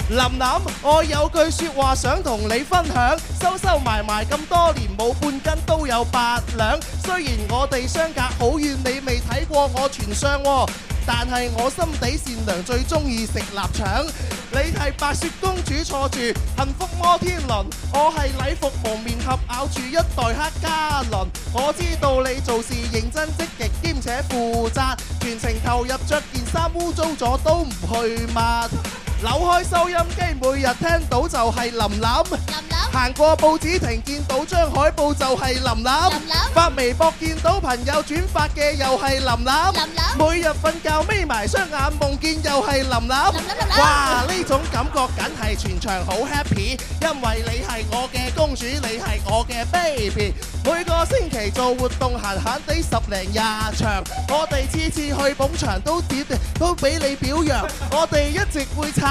林琳，我有句説話想同你分享，收收埋埋咁多年冇半斤都有八兩。雖然我哋相隔好遠，你未睇過我全相，哦，但係我心地善良，最中意食臘腸。你係白雪公主坐住幸福摩天輪，我係禮服蒙面俠咬住一袋黑加侖。我知道你做事認真積極兼且負責，全程投入着件衫污糟咗都唔去抹。扭開收音機，每日聽到就係林琳。林琳行過報紙亭，見到張海報就係林琳。林琳發微博見到朋友轉發嘅又係林琳。林琳每日瞓覺眯埋雙眼，夢見又係林琳。林琳，哇，呢種感覺梗係全場好 happy，因為你係我嘅公主，你係我嘅 baby。每個星期做活動閒閒哋十零廿場，我哋次次去捧場都點都俾你表揚，我哋一直會撐。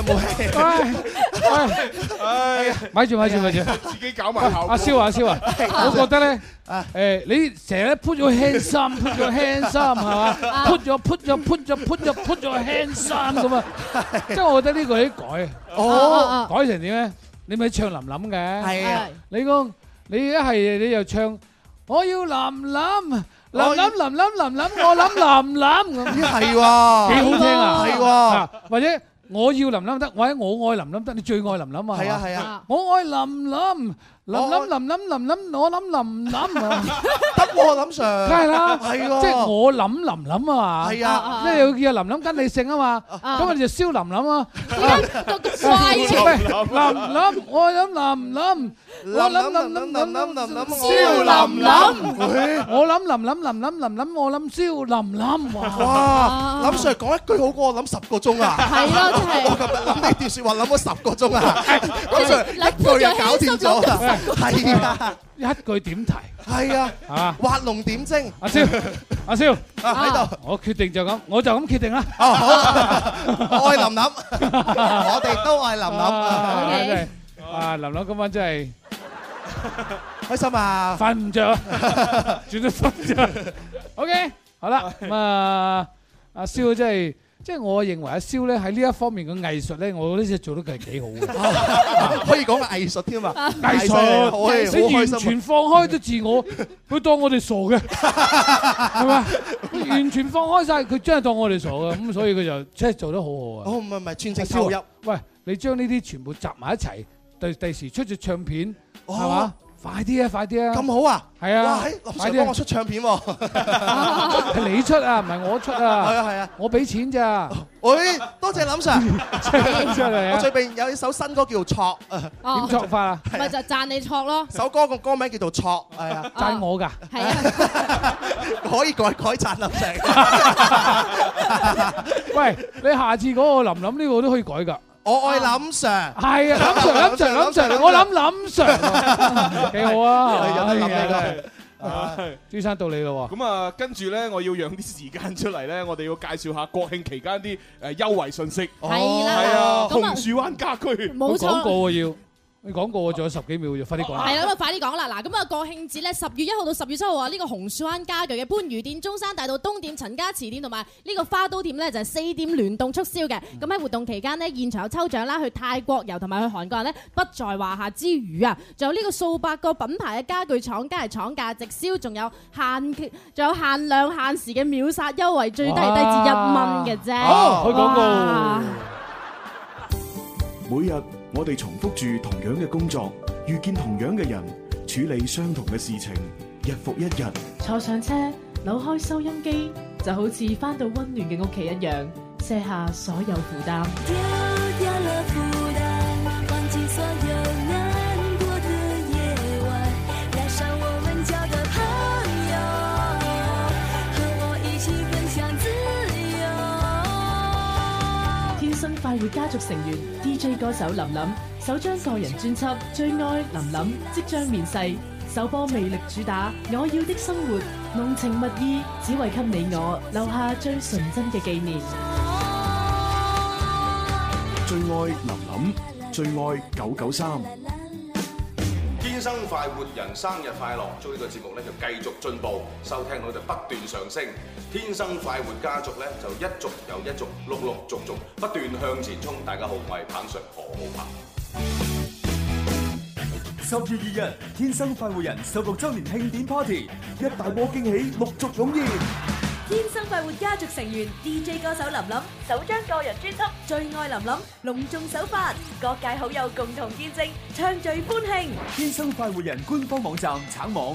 冇氣，哎哎哎，咪住咪住咪住，自己搞埋頭。阿蕭啊阿蕭啊，我覺得咧，誒，你成日 put 咗輕衫，put 咗輕衫係嘛，put 咗 put 咗 put 咗 put 咗 put 咗輕衫咁啊，即係我覺得呢個要改。哦，改成點咧？你咪唱林琳嘅，係啊，李工，你一係你又唱我要林琳，林林林林林林，我諗林琳，咦係喎，幾好聽啊，係喎，或者。我要林琳得，或者我愛林琳得，你最愛林琳啊嘛？係啊係啊，啊我愛林琳。林林林林林林，我諗林林得林 Sir，梗係啦，係即係我諗林林啊嘛，係啊，即係要叫林琳跟你姓啊嘛，咁咪就肖林林咯。做咁怪嘢。喂，林林，我諗林林，我諗林林林林林林，肖林林，我諗林林林林林林，我諗肖林林。哇，林 Sir 講一句好過我諗十個鐘啊。係咯，真係。我今日諗呢段說話諗咗十個鐘啊。林 Sir，一句又搞掂咗啦。係啊，一句點題？係啊，係嘛？畫龍點睛？阿肖，阿肖喺度，我決定就咁，我就咁決定啦。哦，好，愛林琳，我哋都愛林琳啊！真係，啊林琳今晚真係開心啊！瞓唔著，轉咗心。OK，好啦，咁啊，阿肖真係。即係我認為阿肖咧喺呢一方面嘅藝術咧，我覺得佢做得係幾好，可以講藝術添嘛，藝術，藝術，藝術，藝術你完全放開咗自我，佢當我哋傻嘅，係咪？完全放開晒，佢真係當我哋傻嘅，咁所以佢就即係做得好好啊！哦，唔係唔係，全城收一，喂，你將呢啲全部集埋一齊，第第時出隻唱片係嘛？快啲啊！快啲啊！咁好啊？係啊！快啲啊！林 Sir 幫我出唱片喎，係你出啊，唔係我出啊。係啊係啊，我俾錢咋？喂！多謝林 Sir！我最近有一首新歌叫做《錯》，點錯法啊？咪就讚你錯咯，首歌個歌名叫做《錯》，係啊，讚我㗎，係啊，可以改改讚林 Sir！喂，你下次嗰個林林呢個都可以改㗎。我愛林 Sir，係啊，林 Sir，林 Sir，林 Sir，我諗林 Sir，幾好啊！朱生到你咯，咁啊，跟住咧，我要養啲時間出嚟咧，我哋要介紹下國慶期間啲誒優惠信息。係啦，係啊，紅樹灣家居冇講過要。你講過，仲有十幾秒，要快啲講。係啦、啊，咁啊，快啲講啦！嗱，咁啊，國慶節咧，十月一號到十月七號啊，呢、呢個紅樹灣家具嘅番禺店、中山大道東店、陳家祠店同埋呢個花都店咧，就係四店聯動促銷嘅。咁喺活動期間呢，現場有抽獎啦，去泰國遊同埋去韓國咧，不在話下之餘啊，仲有呢個數百個品牌嘅家具廠家係廠價直銷，仲有限，仲有限量限時嘅秒殺優惠，最低低至一蚊嘅啫。好哇、啊啊，開廣告。哇 [laughs] 每日。我哋重複住同樣嘅工作，遇見同樣嘅人，處理相同嘅事情，日復一日。坐上車，扭開收音機，就好似返到溫暖嘅屋企一樣，卸下所有負擔。 [music] 快活家族成員 DJ 歌手林琳首張個人專輯《最愛林琳》即將面世，首播魅力主打《我要的生活》，濃情蜜意只為給你我留下最純真嘅紀念。最愛林琳，最愛九九三。天生快活人生日快樂，祝呢個節目咧就繼續進步，收聽率就不斷上升。天生快活家族咧就一族又一族，陸陸續續不斷向前衝，大家好，我係彭 Sir，何浩鵬。十月二日，天生快活人十六周年慶典 Party，一大波驚喜陸續湧現。天生快活家族成員 DJ 歌手林琳首張個人專輯《最愛林琳》隆重首發，各界好友共同見證，唱聚歡慶。天生快活人官方網站橙網。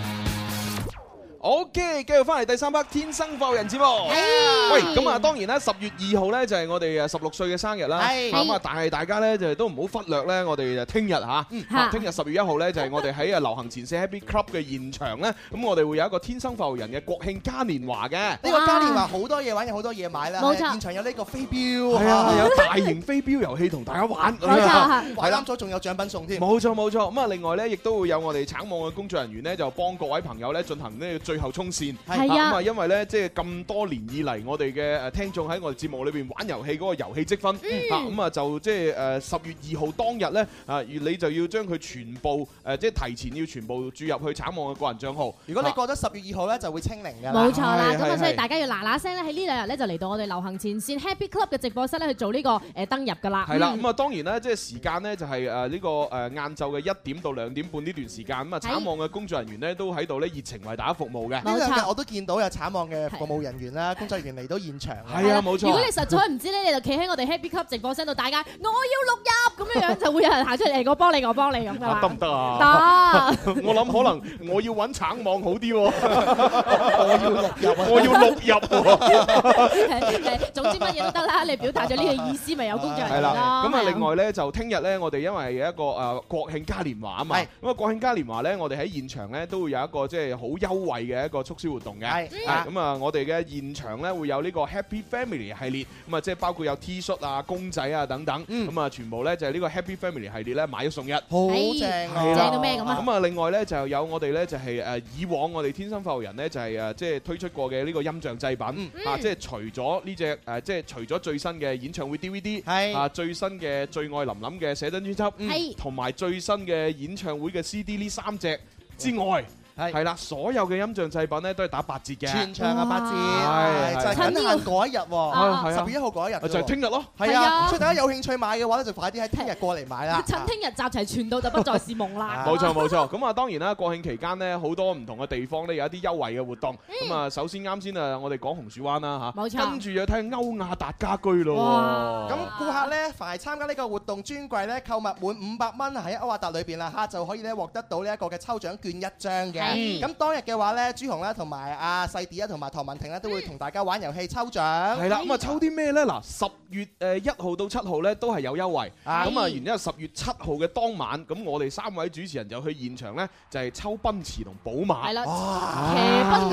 O K，繼續翻嚟第三 part《天生快活人》節目。喂，咁啊當然啦，十月二號咧就係我哋誒十六歲嘅生日啦。係。咁啊，但係大家咧就都唔好忽略咧，我哋就聽日吓，嗯，聽日十月一號咧就係我哋喺啊流行前線 Happy Club 嘅現場咧，咁我哋會有一個《天生快活人》嘅國慶嘉年華嘅。呢個嘉年華好多嘢玩，有好多嘢買啦。冇錯。現場有呢個飛鏢，係啊，有大型飛鏢遊戲同大家玩咁樣。係啦，咗仲有獎品送添。冇錯冇錯，咁啊另外咧亦都會有我哋橙網嘅工作人員咧就幫各位朋友咧進行呢，最後衝線，咁啊，啊嗯、因為咧，即係咁多年以嚟，我哋嘅誒聽眾喺我哋節目裏邊玩遊戲嗰個遊戲積分，嗯、啊，咁、嗯、啊就即係誒十月二號當日咧，啊、uh，你就要將佢全部誒、uh, 即係提前要全部注入去慘網嘅個人賬號。如果你過咗十月二號咧，就會清零嘅。冇、啊、錯啦，咁啊是，所以大家要嗱嗱聲咧，喺呢兩日咧就嚟到我哋流行前線 Happy Club 嘅直播室咧去做呢個誒登入㗎啦。係啦，咁啊當然咧，即係時間咧就係誒呢個誒晏晝嘅一點到兩點半呢段時間，咁啊慘網嘅工作人員咧都喺度咧熱情為大家服務。冇嘅，因為我都見到有橙網嘅服務人員啦、工作人員嚟到現場。係啊，冇錯。如果你實在唔知咧，你就企喺我哋 Happy Club 直播室度大嗌，我要錄入咁樣樣，就會有人行出嚟，我幫你，我幫你咁噶啦。得唔得啊？得。我諗可能我要揾橙網好啲喎。我要錄入，我要錄入。係，總之乜嘢都得啦。你表達咗呢個意思，咪有工作人員。係啦。咁啊，另外咧就聽日咧，我哋因為有一個誒國慶嘉年華啊嘛。咁啊，國慶嘉年華咧，我哋喺現場咧都會有一個即係好優惠。嘅一個促銷活動嘅，咁啊，我哋嘅現場咧會有呢個 Happy Family 系列，咁啊，即係包括有 T 恤啊、公仔啊等等，咁啊，全部咧就係呢個 Happy Family 系列咧買一送一，好正正到咩咁啊！咁啊，另外咧就有我哋咧就係誒以往我哋天生快活人咧就係誒即係推出過嘅呢個音像製品啊，即係除咗呢隻誒即係除咗最新嘅演唱會 DVD，係啊，最新嘅《最愛林琳》嘅寫真專輯，係同埋最新嘅演唱會嘅 CD 呢三隻之外。係啦，所有嘅音像製品咧都係打八折嘅，全場啊八折，係就係緊依個嗰一日喎，十月一號嗰一日，就係聽日咯。係啊，所以大家有興趣買嘅話咧，就快啲喺聽日過嚟買啦。趁聽日集齊全到就不再是夢啦。冇錯冇錯，咁啊當然啦，國慶期間咧好多唔同嘅地方都有啲優惠嘅活動。咁啊首先啱先啊，我哋講紅樹灣啦嚇，冇錯。跟住又睇歐亞達家居咯。哇！咁顧客咧凡係參加呢個活動專櫃咧購物滿五百蚊喺歐亞達裏邊啦嚇就可以咧獲得到呢一個嘅抽獎券一張嘅。咁當日嘅話咧，豬紅咧同埋阿細 Dee 啊，同埋唐文婷咧都會同大家玩遊戲抽獎。係啦，咁啊抽啲咩咧？嗱，十月誒一號到七號咧都係有優惠。咁啊然之後十月七號嘅當晚，咁我哋三位主持人就去現場咧，就係抽奔馳同寶馬。係啦，哇！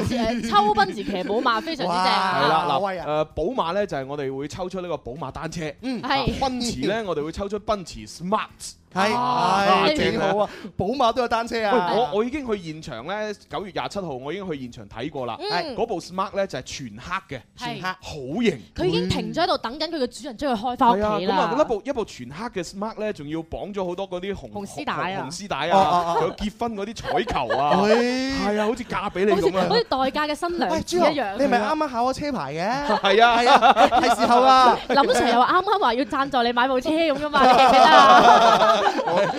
騎奔馳，抽奔馳騎寶馬，非常之正啊！係啦，嗱誒寶馬咧就係我哋會抽出呢個寶馬單車。嗯，係奔馳咧，我哋會抽出奔馳 Smart。係啊，好啊，寶馬都有單車啊！我我已經去現場咧，九月廿七號我已經去現場睇過啦。嗰部 Smart 咧就係全黑嘅，全黑好型。佢已經停咗喺度，等緊佢嘅主人將佢開翻屋企啦。咁啊，一部一部全黑嘅 Smart 咧，仲要綁咗好多嗰啲紅紅絲帶啊，紅絲帶啊，有結婚嗰啲彩球啊，係啊，好似嫁俾你咁啊，好似待嫁嘅新娘一樣。你係咪啱啱考咗車牌嘅？係啊，係時候啊！林 Sir 又話啱啱話要贊助你買部車咁噶嘛，記唔記得？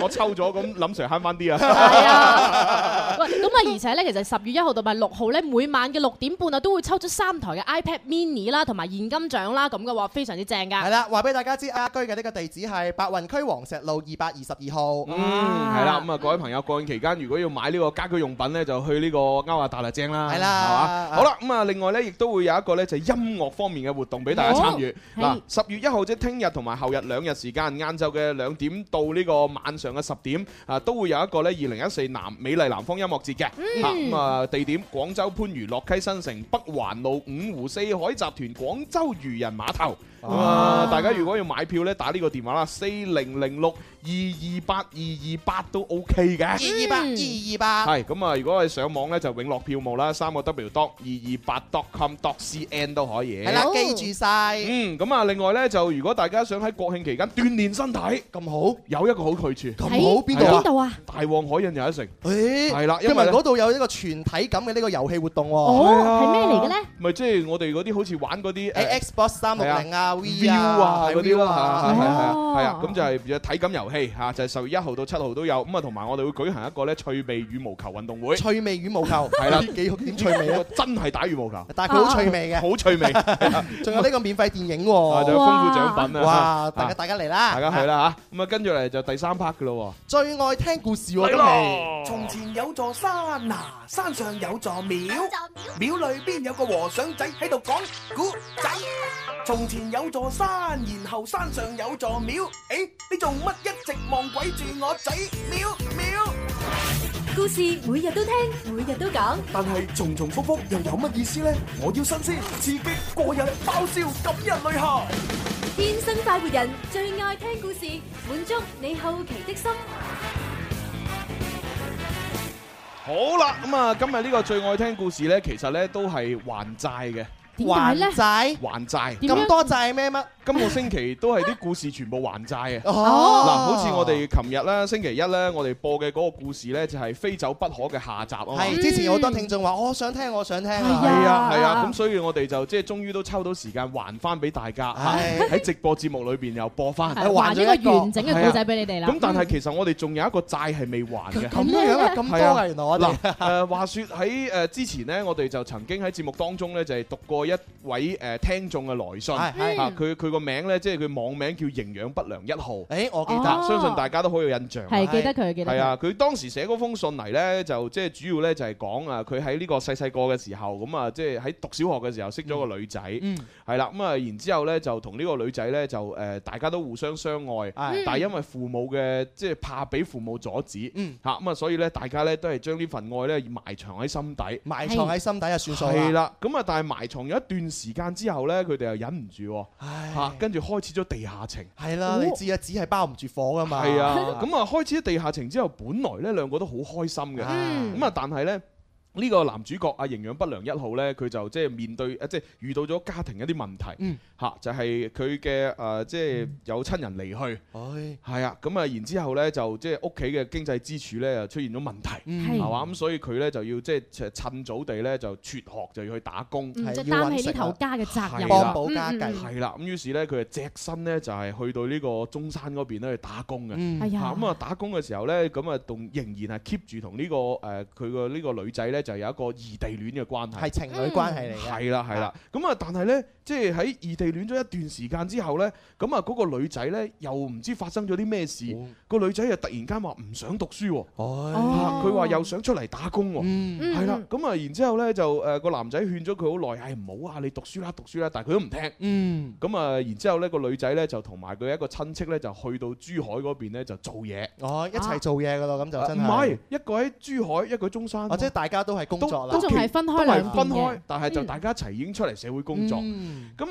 [laughs] 我，我抽咗咁林 Sir 慳翻啲啊！係啊，咁啊，而且咧，其實十月一號到埋六號咧，每晚嘅六點半啊，都會抽出三台嘅 iPad Mini 啦，同埋現金獎啦，咁嘅話非常之正㗎。係啦，話俾大家知傢、啊、居嘅呢個地址係白雲區黃石路二百二十二號。嗯，係、啊、啦，咁啊，各位朋友過年期間如果要買呢個家居用品咧，就去呢個歐亞達嚟正啦。係啦，係嘛吧？啊、好啦，咁啊，另外咧亦都會有一個咧就係音樂方面嘅活動俾大家參與。嗱好，十、啊、月一號即係聽日同埋後日兩日時間，晏晝嘅兩點到呢、這個。個晚上嘅十點啊，都會有一個咧，二零一四南美麗南方音樂節嘅，吓咁、嗯、啊，地點廣州番禺洛溪新城北環路五湖四海集團廣州漁人碼頭。咁啊，大家如果要買票咧，打呢個電話啦，四零零六二二八二二八都 OK 嘅。二二八二二八係咁啊！如果係上網咧，就永樂票務啦，三個 w dot 二二八 dot com dot cn 都可以。係啦，記住晒。嗯，咁啊，另外咧就如果大家想喺國慶期間鍛煉身體咁好，有一個好去處。咁好邊度啊？大旺海印又一城。誒，係啦，因為嗰度有一個全體感嘅呢個遊戲活動。哦，係咩嚟嘅咧？咪即係我哋嗰啲好似玩嗰啲誒，Xbox 三六零啊。view 啊，嗰啲咯，係啊，係啊，係啊，咁就係體感遊戲吓，就係十月一號到七號都有，咁啊，同埋我哋會舉行一個咧趣味羽毛球運動會。趣味羽毛球係啦，幾點趣味？真係打羽毛球，但係佢好趣味嘅，好趣味。仲有呢個免費電影，仲有豐富獎品。哇！大家大家嚟啦，大家係啦吓，咁啊，跟住嚟就第三 part 噶咯。最愛聽故事喎，咪咯。從前有座山啊，山上有座廟，廟裏邊有個和尚仔喺度講古仔。從前有有座山，然後山上有座廟。誒，你做乜一直望鬼住我仔？廟廟，故事每日都聽，每日都講，但係重重複複又有乜意思呢？我要新鮮、刺激、過癮、爆笑、感人淚下、天生快活人最愛聽故事，滿足你好奇的心。好啦，咁啊，今日呢個最愛聽故事咧，其實咧都係還債嘅。還債？還債？咁多債咩乜？今個星期都係啲故事全部還債啊！嗱，好似我哋琴日咧，星期一咧，我哋播嘅嗰個故事咧，就係《非走不可》嘅下集啊！係之前好多聽眾話，我想聽，我想聽，係啊，係啊，咁所以我哋就即係終於都抽到時間還翻俾大家喺直播節目裏邊又播翻，還咗一個完整嘅故仔俾你哋啦。咁但係其實我哋仲有一個債係未還嘅，咁樣啊，咁多嘅原來嗱誒話説喺誒之前呢，我哋就曾經喺節目當中咧，就係讀過。一位誒、呃、聽眾嘅來信，佢佢個名咧，即係佢網名叫營養不良一號。誒、欸，我記得，哦、相信大家都好有印象，係記得佢的，記得。係啊，佢當時寫嗰封信嚟咧，就即係主要咧就係講啊，佢喺呢個細細個嘅時候，咁、嗯、啊，即係喺讀小學嘅時候識咗個女仔。嗯係啦，咁啊，然之後咧就同呢個女仔咧就誒、呃，大家都互相相愛，嗯、但係因為父母嘅即係怕俾父母阻止，嚇咁、嗯、啊，所以咧大家咧都係將呢份愛咧埋藏喺心底，埋藏喺心底啊算數。係啦，咁啊，但係埋藏咗一段時間之後咧，佢哋又忍唔住，嚇跟住開始咗地下情。係啦了，哦、你知啊，紙係包唔住火吖嘛。係啊了，咁 [laughs] 啊，開始咗地下情之後，本來咧兩個都好開心嘅，咁啊、嗯，但係咧。呢個男主角啊營養不良一號咧，佢就即係面對，即係遇到咗家庭一啲問題，吓就係佢嘅誒即係有親人離去，係啊，咁啊，然之後咧就即係屋企嘅經濟支柱咧又出現咗問題，係嘛咁，所以佢咧就要即係趁早地咧就輟學就要去打工，係擔起頭家嘅責任，幫補家計，係啦。咁於是咧，佢係隻身咧就係去到呢個中山嗰邊咧去打工嘅，係啊。咁啊打工嘅時候咧，咁啊仲仍然係 keep 住同呢個誒佢個呢個女仔咧。就有一個異地戀嘅關係，係情侶關係嚟嘅，係啦係啦。咁啊，但係呢，即係喺異地戀咗一段時間之後呢，咁啊嗰個女仔呢，又唔知發生咗啲咩事，個女仔又突然間話唔想讀書，佢話又想出嚟打工，係啦。咁啊，然之後呢，就誒個男仔勸咗佢好耐，誒唔好啊，你讀書啦讀書啦，但係佢都唔聽。咁啊，然之後呢，個女仔呢，就同埋佢一個親戚呢，就去到珠海嗰邊呢就做嘢，哦，一齊做嘢噶咯，咁就真係唔係一個喺珠海，一個喺中山，即係大家都都係工作啦，都仲其係分開啦，分開，嗯、但係就大家一齊已經出嚟社會工作。咁、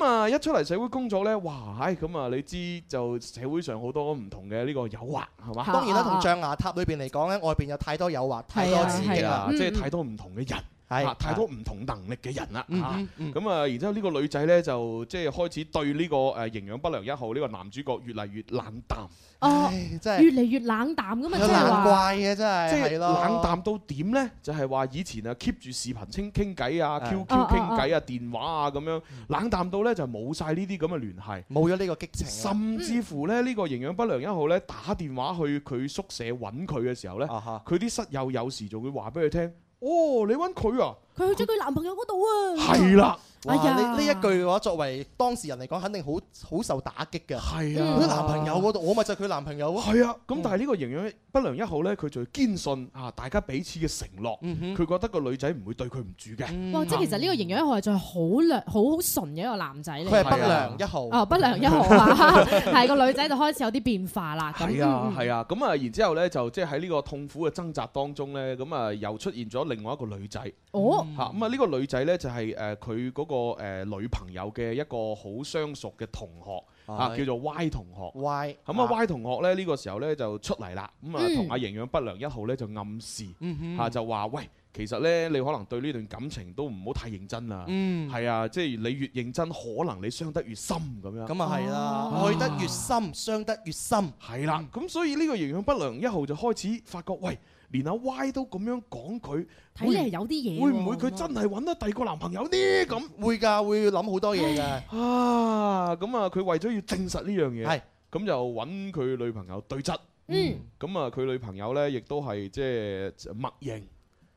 嗯、啊，一出嚟社會工作呢，哇，咁、哎、啊，你知就社會上好多唔同嘅呢個誘惑，係嘛，啊？吧當然啦，同象牙塔裏邊嚟講呢，外邊有太多誘惑，啊、太多刺激啦，即係、啊啊啊、太多唔同嘅人。嗯嗯.太多唔同能力嘅人啦吓，咁啊，然之後呢個女仔呢，就即係開始對呢個誒營養不良一號呢個男主角越嚟越冷淡。哦，即係越嚟越冷淡咁啊！真係怪嘅，真係，即係冷淡到點呢？就係話以前啊 keep 住視頻傾傾偈啊、QQ 傾偈啊、電話啊咁樣，冷淡到呢，就冇晒呢啲咁嘅聯繫，冇咗呢個激情。甚至乎呢，呢個營養不良一號呢，打電話去佢宿舍揾佢嘅時候呢，佢啲室友有時就會話俾佢聽。哦，你揾佢啊？佢去咗佢男朋友度啊！係啦。哇！你呢一句嘅話，作為當事人嚟講，肯定好好受打擊嘅。係啊，佢男朋友嗰度，我咪就係佢男朋友咯。係啊，咁但係呢個營養不良一號咧，佢就堅信啊，大家彼此嘅承諾，佢覺得個女仔唔會對佢唔住嘅。哇！即係其實呢個營養一號最係好良、好好純嘅一個男仔嚟。佢係不良一號。哦，不良一號啊！係個女仔就開始有啲變化啦。係啊，係啊，咁啊，然之後咧就即係喺呢個痛苦嘅掙扎當中咧，咁啊又出現咗另外一個女仔。哦。嚇咁啊！呢個女仔咧就係誒佢個誒女朋友嘅一個好相熟嘅同學啊，哎、叫做 Y 同學。Y 咁啊，Y 同學呢，呢個時候呢就出嚟啦，咁啊同阿營養不良一號呢就暗示吓、嗯哼啊，就話喂，其實呢，你可能對呢段感情都唔好太認真啦。嗯，係啊，即係你越認真，可能你傷得越深咁樣。咁啊係啦，愛得越深，傷得越深。係啦，咁所以呢個營養不良一號就開始發覺喂。連阿 Y 都咁樣講佢，睇嚟有啲嘢。會唔會佢真係揾到第二個男朋友呢？咁會㗎，會諗好多嘢㗎。啊，咁啊，佢為咗要證實呢樣嘢，咁就揾佢女朋友對質。嗯。咁啊，佢女朋友呢，亦都係即係默認。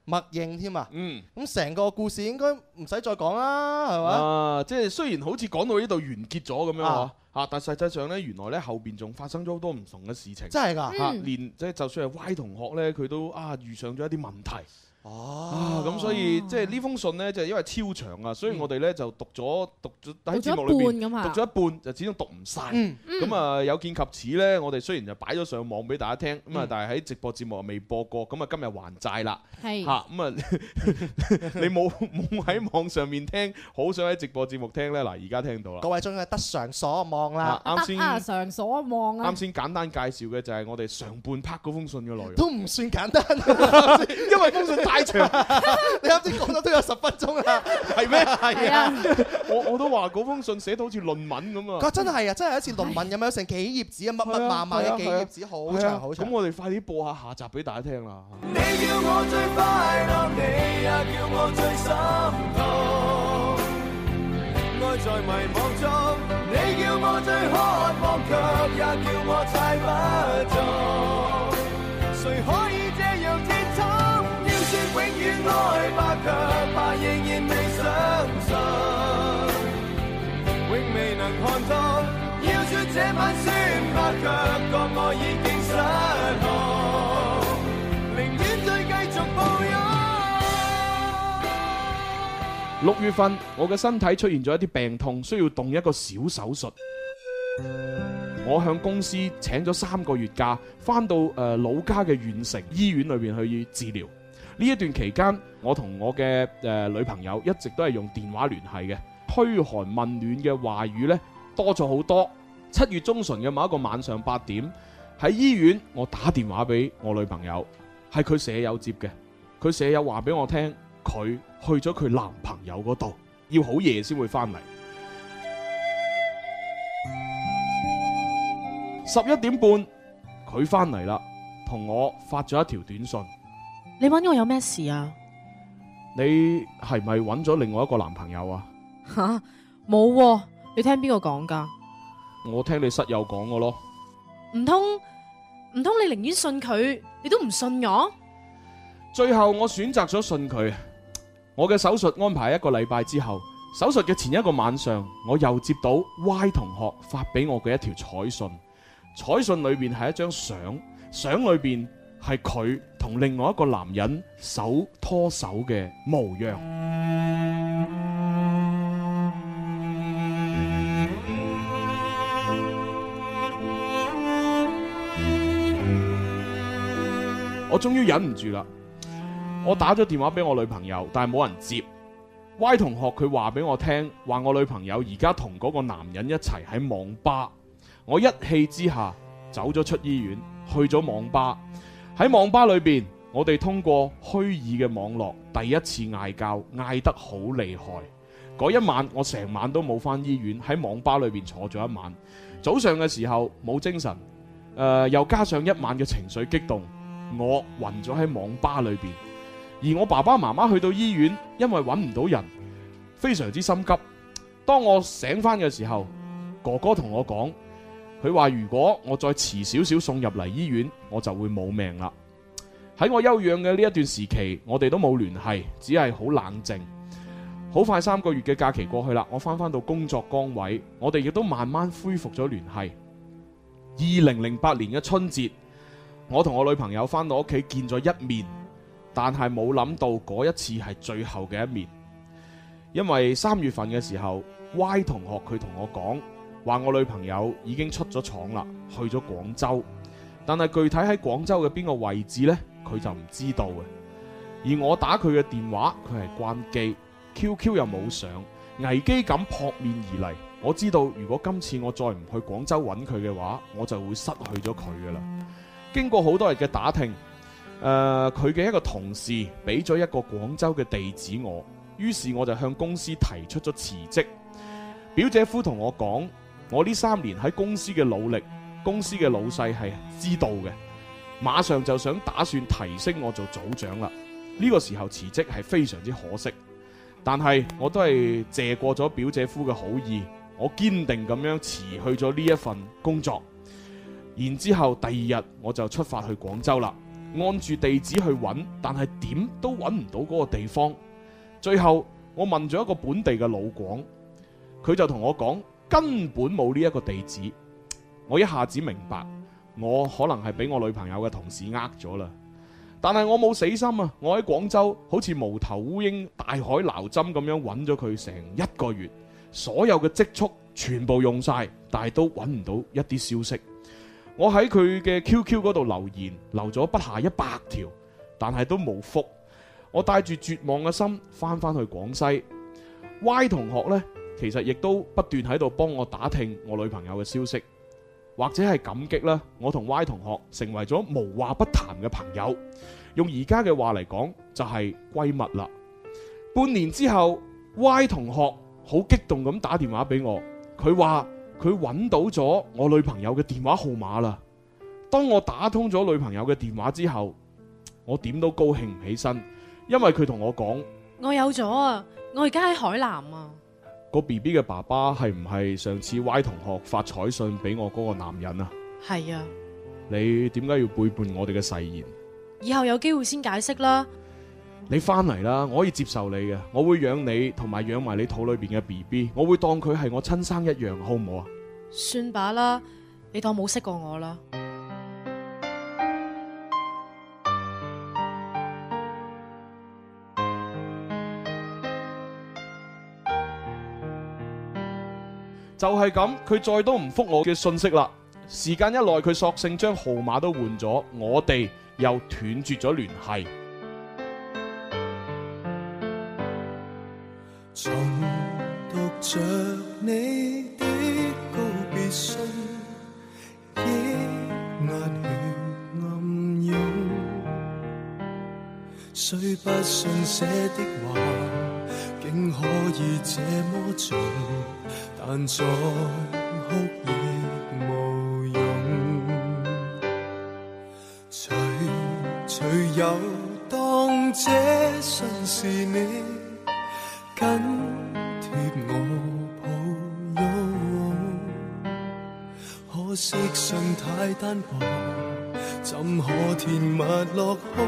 默認添啊。嗯。咁成個故事應該唔使再講啦，係嘛？啊，即係雖然好似講到呢度完結咗咁樣喎。嚇！但實際上呢，原來呢後邊仲發生咗好多唔同嘅事情。真係㗎嚇，嗯、連即係就算係 Y 同學呢，佢都啊遇上咗一啲問題。哦，咁所以即係呢封信咧，就因為超長啊，所以我哋咧就讀咗讀咗喺節目裏邊讀咗一半，就始終讀唔晒。咁啊有見及此咧，我哋雖然就擺咗上網俾大家聽，咁啊，但係喺直播節目未播過，咁啊今日還債啦。係吓，咁啊，你冇冇喺網上面聽，好想喺直播節目聽咧？嗱，而家聽到啦，各位終於得償所望啦。啱先，得償所望啊！啱先簡單介紹嘅就係我哋上半 part 嗰封信嘅內容，都唔算簡單，因為封信。 [laughs] 你啱先講咗都有十分鐘啦，係咩？係 [laughs] 啊，啊 [laughs] 我我都話嗰封信寫到好似論文咁 [laughs] 啊！佢真係啊，真係好似論文咁，有成幾頁紙啊，密密麻麻嘅幾頁紙，好長、啊、好長。咁我哋快啲播下下集俾大家聽啦！我已失再六月份，我嘅身體出現咗一啲病痛，需要動一個小手術。我向公司請咗三個月假，翻到誒、呃、老家嘅縣城醫院裏邊去治療。呢一段期間，我同我嘅誒、呃、女朋友一直都係用電話聯繫嘅，噓寒問暖嘅話語咧多咗好多。七月中旬嘅某一個晚上八點喺醫院，我打電話俾我女朋友，係佢舍友接嘅。佢舍友話俾我聽，佢去咗佢男朋友嗰度，要好夜先會翻嚟。十一點半佢翻嚟啦，同我發咗一條短信。你揾我有咩事啊？你係咪揾咗另外一個男朋友啊？吓，冇啊。你聽邊個講噶？我聽你室友講過咯，唔通唔通你寧願信佢，你都唔信我？最後我選擇咗信佢。我嘅手術安排一個禮拜之後，手術嘅前一個晚上，我又接到 Y 同學發俾我嘅一條彩信。彩信裏邊係一張相，相裏邊係佢同另外一個男人手拖手嘅模樣。我終於忍唔住啦！我打咗電話俾我女朋友，但係冇人接。Y 同學佢話俾我聽，話我女朋友而家同嗰個男人一齊喺網吧。我一氣之下走咗出醫院，去咗網吧。喺網吧裏邊，我哋通過虛擬嘅網絡第一次嗌交，嗌得好厲害。嗰一晚我成晚都冇返醫院，喺網吧裏邊坐咗一晚。早上嘅時候冇精神，誒、呃、又加上一晚嘅情緒激動。我暈咗喺網吧裏邊，而我爸爸媽媽去到醫院，因為揾唔到人，非常之心急。當我醒翻嘅時候，哥哥同我講，佢話如果我再遲少少送入嚟醫院，我就會冇命啦。喺我休養嘅呢一段時期，我哋都冇聯繫，只係好冷靜。好快三個月嘅假期過去啦，我翻翻到工作崗位，我哋亦都慢慢恢復咗聯繫。二零零八年嘅春節。我同我女朋友翻到屋企見咗一面，但係冇諗到嗰一次係最後嘅一面。因為三月份嘅時候，Y 同學佢同我講，話我女朋友已經出咗廠啦，去咗廣州，但係具體喺廣州嘅邊個位置呢，佢就唔知道嘅。而我打佢嘅電話，佢係關機，QQ 又冇上，危機感撲面而嚟。我知道如果今次我再唔去廣州揾佢嘅話，我就會失去咗佢噶啦。經過好多日嘅打聽，誒、呃，佢嘅一個同事俾咗一個廣州嘅地址我，於是我就向公司提出咗辭職。表姐夫同我講，我呢三年喺公司嘅努力，公司嘅老細係知道嘅，馬上就想打算提升我做組長啦。呢、這個時候辭職係非常之可惜，但係我都係借過咗表姐夫嘅好意，我堅定咁樣辭去咗呢一份工作。然之後，第二日我就出發去廣州啦。按住地址去揾，但係點都揾唔到嗰個地方。最後我問咗一個本地嘅老廣，佢就同我講根本冇呢一個地址。我一下子明白，我可能係俾我女朋友嘅同事呃咗啦。但係我冇死心啊！我喺廣州好似無頭烏蠅大海撈針咁樣揾咗佢成一個月，所有嘅積蓄全部用晒，但係都揾唔到一啲消息。我喺佢嘅 QQ 度留言，留咗不下一百條，但係都冇覆。我帶住絕望嘅心翻翻去廣西。Y 同學呢，其實亦都不斷喺度幫我打聽我女朋友嘅消息，或者係感激啦。我同 Y 同學成為咗無話不談嘅朋友，用而家嘅話嚟講，就係閨蜜啦。半年之後，Y 同學好激動咁打電話俾我，佢話。佢揾到咗我女朋友嘅電話號碼啦。當我打通咗女朋友嘅電話之後，我點都高興唔起身，因為佢同我講：我有咗啊，我而家喺海南啊。個 B B 嘅爸爸係唔係上次 Y 同學發彩信俾我嗰個男人啊？係啊。你點解要背叛我哋嘅誓言？以後有機會先解釋啦。你翻嚟啦，我可以接受你嘅，我會養你同埋養埋你肚裏邊嘅 B B，我會當佢係我親生一樣，好唔好啊？算吧啦，你當冇識過我啦。就係咁，佢再都唔覆我嘅信息啦。時間一耐，佢索性將號碼都換咗，我哋又斷絕咗聯繫。重讀着你。最不信寫的話，竟可以這麼準，但再哭亦無用。隨隨有當這信是你跟貼我抱擁，可惜信太單薄，怎可填密落空？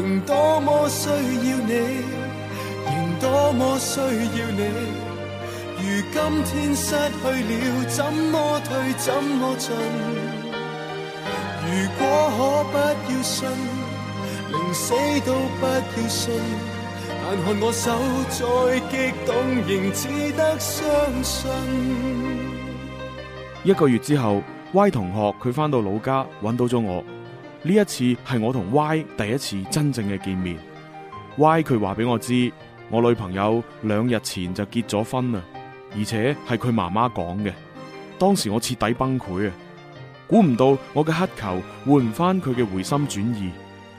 仍多麼需要你，仍多麼需要你，如今天失去了，怎麼退怎麼進。如果可不要信，寧死都不要信，但看我手再激動，仍只得相信。一個月之後，Y 同學佢翻到老家揾到咗我。呢一次係我同 Y 第一次真正嘅見面，Y 佢話俾我知，我女朋友兩日前就結咗婚啦，而且係佢媽媽講嘅。當時我徹底崩潰啊！估唔到我嘅乞求換唔翻佢嘅回心轉意。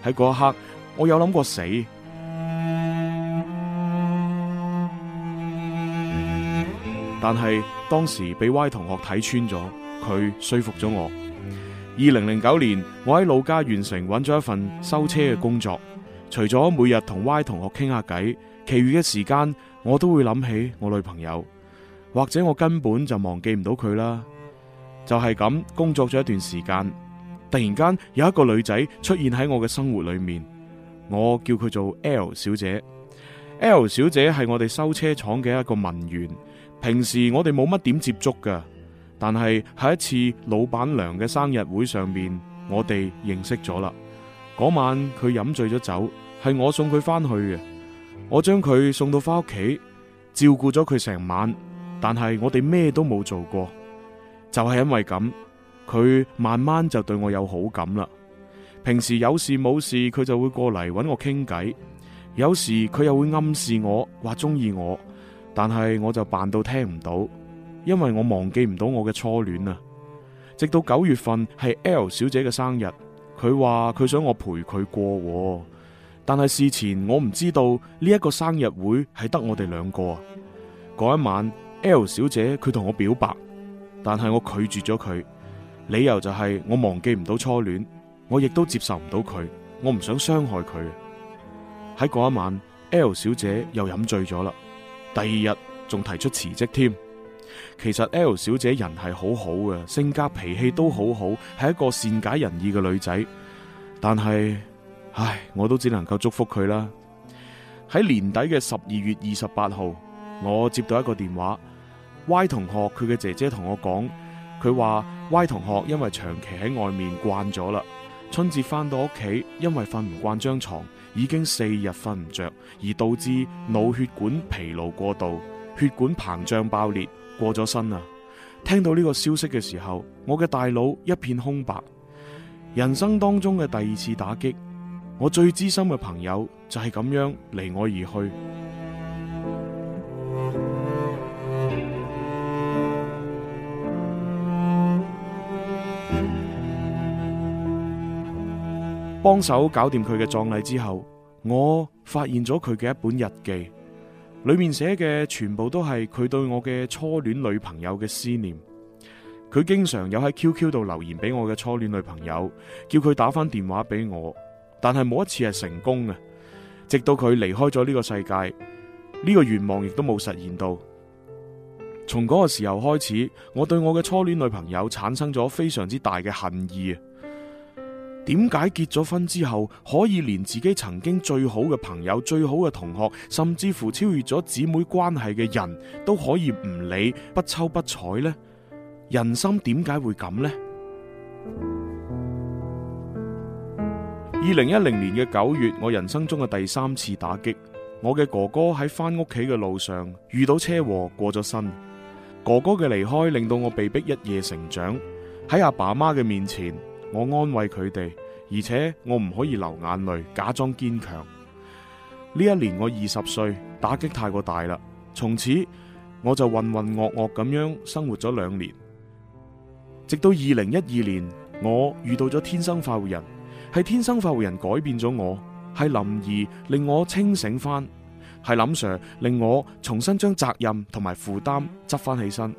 喺嗰一刻，我有諗過死，但係當時俾 Y 同學睇穿咗，佢說服咗我。二零零九年，我喺老家縣城揾咗一份修車嘅工作。除咗每日同 Y 同學傾下偈，其餘嘅時間我都會諗起我女朋友，或者我根本就忘記唔到佢啦。就係咁，工作咗一段時間，突然間有一個女仔出現喺我嘅生活裏面，我叫佢做 L 小姐。L 小姐係我哋修車廠嘅一個文員，平時我哋冇乜點接觸㗎。但係喺一次老闆娘嘅生日會上面，我哋認識咗啦。嗰晚佢飲醉咗酒，係我送佢返去嘅。我將佢送到返屋企，照顧咗佢成晚。但係我哋咩都冇做過，就係因為咁，佢慢慢就對我有好感啦。平時有事冇事，佢就會過嚟搵我傾偈。有時佢又會暗示我話中意我，但係我就扮到聽唔到。因為我忘記唔到我嘅初戀啊，直到九月份係 L 小姐嘅生日，佢話佢想我陪佢過，但係事前我唔知道呢一個生日會係得我哋兩個。嗰一晚，L 小姐佢同我表白，但係我拒絕咗佢，理由就係我忘記唔到初戀，我亦都接受唔到佢，我唔想傷害佢。喺嗰一晚，L 小姐又飲醉咗啦。第二日仲提出辭職添。其實 L 小姐人係好好嘅，性格脾氣都好好，係一個善解人意嘅女仔。但係，唉，我都只能夠祝福佢啦。喺年底嘅十二月二十八號，我接到一個電話，Y 同學佢嘅姐姐同我講，佢話 Y 同學因為長期喺外面慣咗啦，春節返到屋企，因為瞓唔慣張床，已經四日瞓唔着，而導致腦血管疲勞過度，血管膨脹爆裂，過咗身呀。聽到呢個消息嘅時候，我嘅大腦一片空白。人生當中嘅第二次打擊，我最知心嘅朋友就係咁樣離我而去。幫手搞掂佢嘅葬禮之後，我發現咗佢嘅一本日記。裏面寫嘅全部都係佢對我嘅初戀女朋友嘅思念，佢經常有喺 QQ 度留言俾我嘅初戀女朋友，叫佢打翻電話俾我，但係冇一次係成功嘅，直到佢離開咗呢個世界，呢個願望亦都冇實現到。從嗰個時候開始，我對我嘅初戀女朋友產生咗非常之大嘅恨意。點解結咗婚之後可以連自己曾經最好嘅朋友、最好嘅同學，甚至乎超越咗姊妹關係嘅人都可以唔理、不瞅不睬呢？人心點解會咁呢？二零一零年嘅九月，我人生中嘅第三次打擊，我嘅哥哥喺返屋企嘅路上遇到車禍過咗身。哥哥嘅離開令到我被迫一夜成長喺阿爸媽嘅面前。我安慰佢哋，而且我唔可以流眼淚，假裝堅強。呢一年我二十歲，打擊太過大啦。從此我就渾渾噩噩咁樣生活咗兩年，直到二零一二年，我遇到咗天生快活人，係天生快活人改變咗我，係林兒令我清醒翻，係林 Sir 令我重新將責任同埋負擔執翻起身。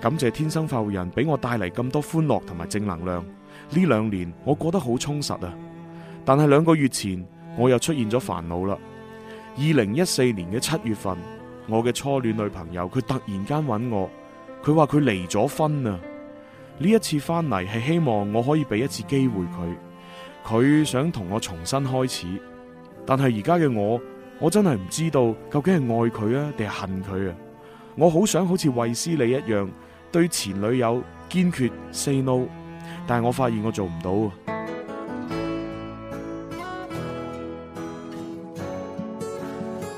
感謝天生快活人俾我帶嚟咁多歡樂同埋正能量。呢兩年我過得好充實啊，但係兩個月前我又出現咗煩惱啦。二零一四年嘅七月份，我嘅初戀女朋友佢突然間揾我，佢話佢離咗婚啊。呢一次翻嚟係希望我可以俾一次機會佢，佢想同我重新開始。但係而家嘅我，我真係唔知道究竟係愛佢啊定係恨佢啊。我好想好似衛斯理一樣對前女友堅決 say no。但係我發現我做唔到，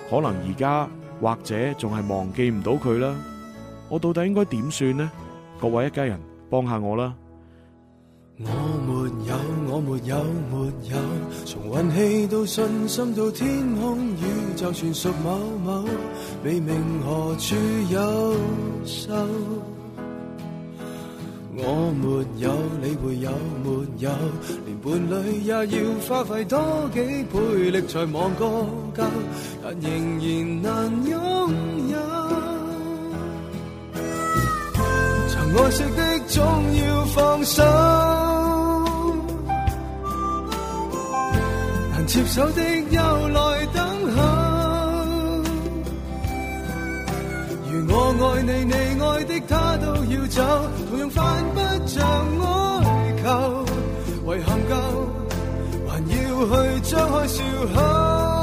可能而家或者仲係忘記唔到佢啦。我到底應該點算呢？各位一家人，幫下我啦！我沒有，我沒有，沒有。從運氣到信心到天空宇宙，全屬某某，未名何處有收？我沒有理會有沒有，連伴侶也要花費多幾倍力才望個夠，但仍然難擁有。曾愛惜的總要放手，難接受的又來。我愛你，你愛的他都要走，同樣犯不着哀求。遺憾夠，還要去張開笑口。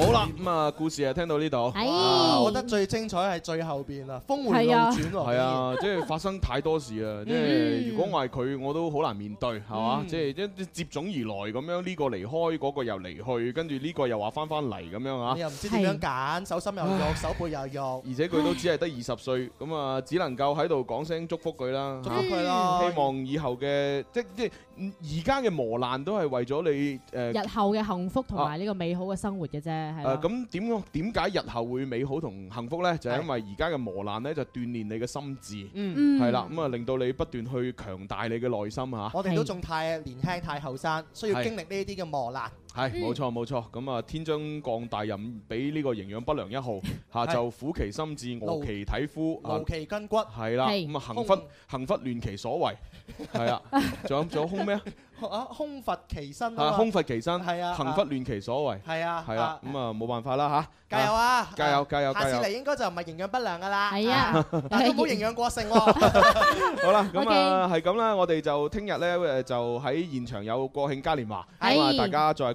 好啦，咁啊，故事啊，聽到呢度，我覺得最精彩係最後邊啦，峰迴路轉喎，係啊，即係發生太多事啊！即係如果我係佢，我都好難面對，係嘛？即係一接踵而來咁樣，呢個離開，嗰個又離去，跟住呢個又話翻翻嚟咁樣啊！又唔知點樣揀，手心又肉，手背又肉，而且佢都只係得二十歲，咁啊，只能夠喺度講聲祝福佢啦，祝福佢啦，希望以後嘅即即係而家嘅磨難都係為咗你誒日後嘅幸福同埋呢個美好嘅生活嘅啫。誒咁點點解日後會美好同幸福呢？就係、因為而家嘅磨難呢，就係、鍛鍊你嘅心智，係啦、嗯，咁啊令到你不斷去強大你嘅內心嚇。啊、我哋都仲太年輕、太後生，需要經歷呢啲嘅磨難。係冇錯冇錯，咁啊天將降大任，俾呢個營養不良一號，下就苦其心志，餓其體膚，勞其筋骨，係啦，咁啊行忽行忽亂其所為，係啊，仲有仲有空咩啊？啊空乏其身，啊空乏其身，係啊，行忽亂其所為，係啊，係啊，咁啊冇辦法啦吓，加油啊，加油加油！下次嚟，應該就唔係營養不良噶啦，係啊，但係都冇營養過剩。好啦，咁啊係咁啦，我哋就聽日咧誒就喺現場有國慶嘉年華，咁啊大家再。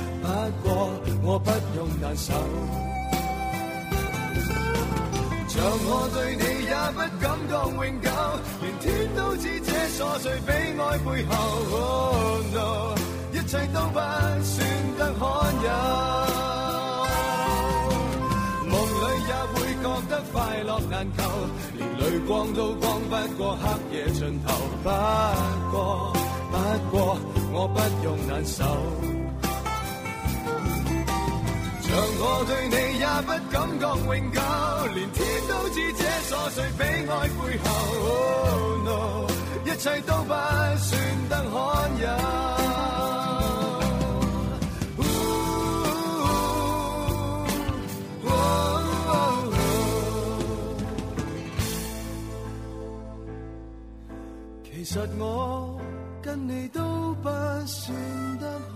不過，我不用難受。像我對你也不感覺永久，連天都知這瑣碎悲哀背後，oh, no, 一切都不算得罕有。夢裏也會覺得快樂難求，連淚光都光不過黑夜盡頭。不過，不過，我不用難受。讓我對你也不敢講永久，連天都知這瑣碎悲哀背後、oh,，no，一切都不算得罕有、哦哦哦哦。其實我跟你都不算得。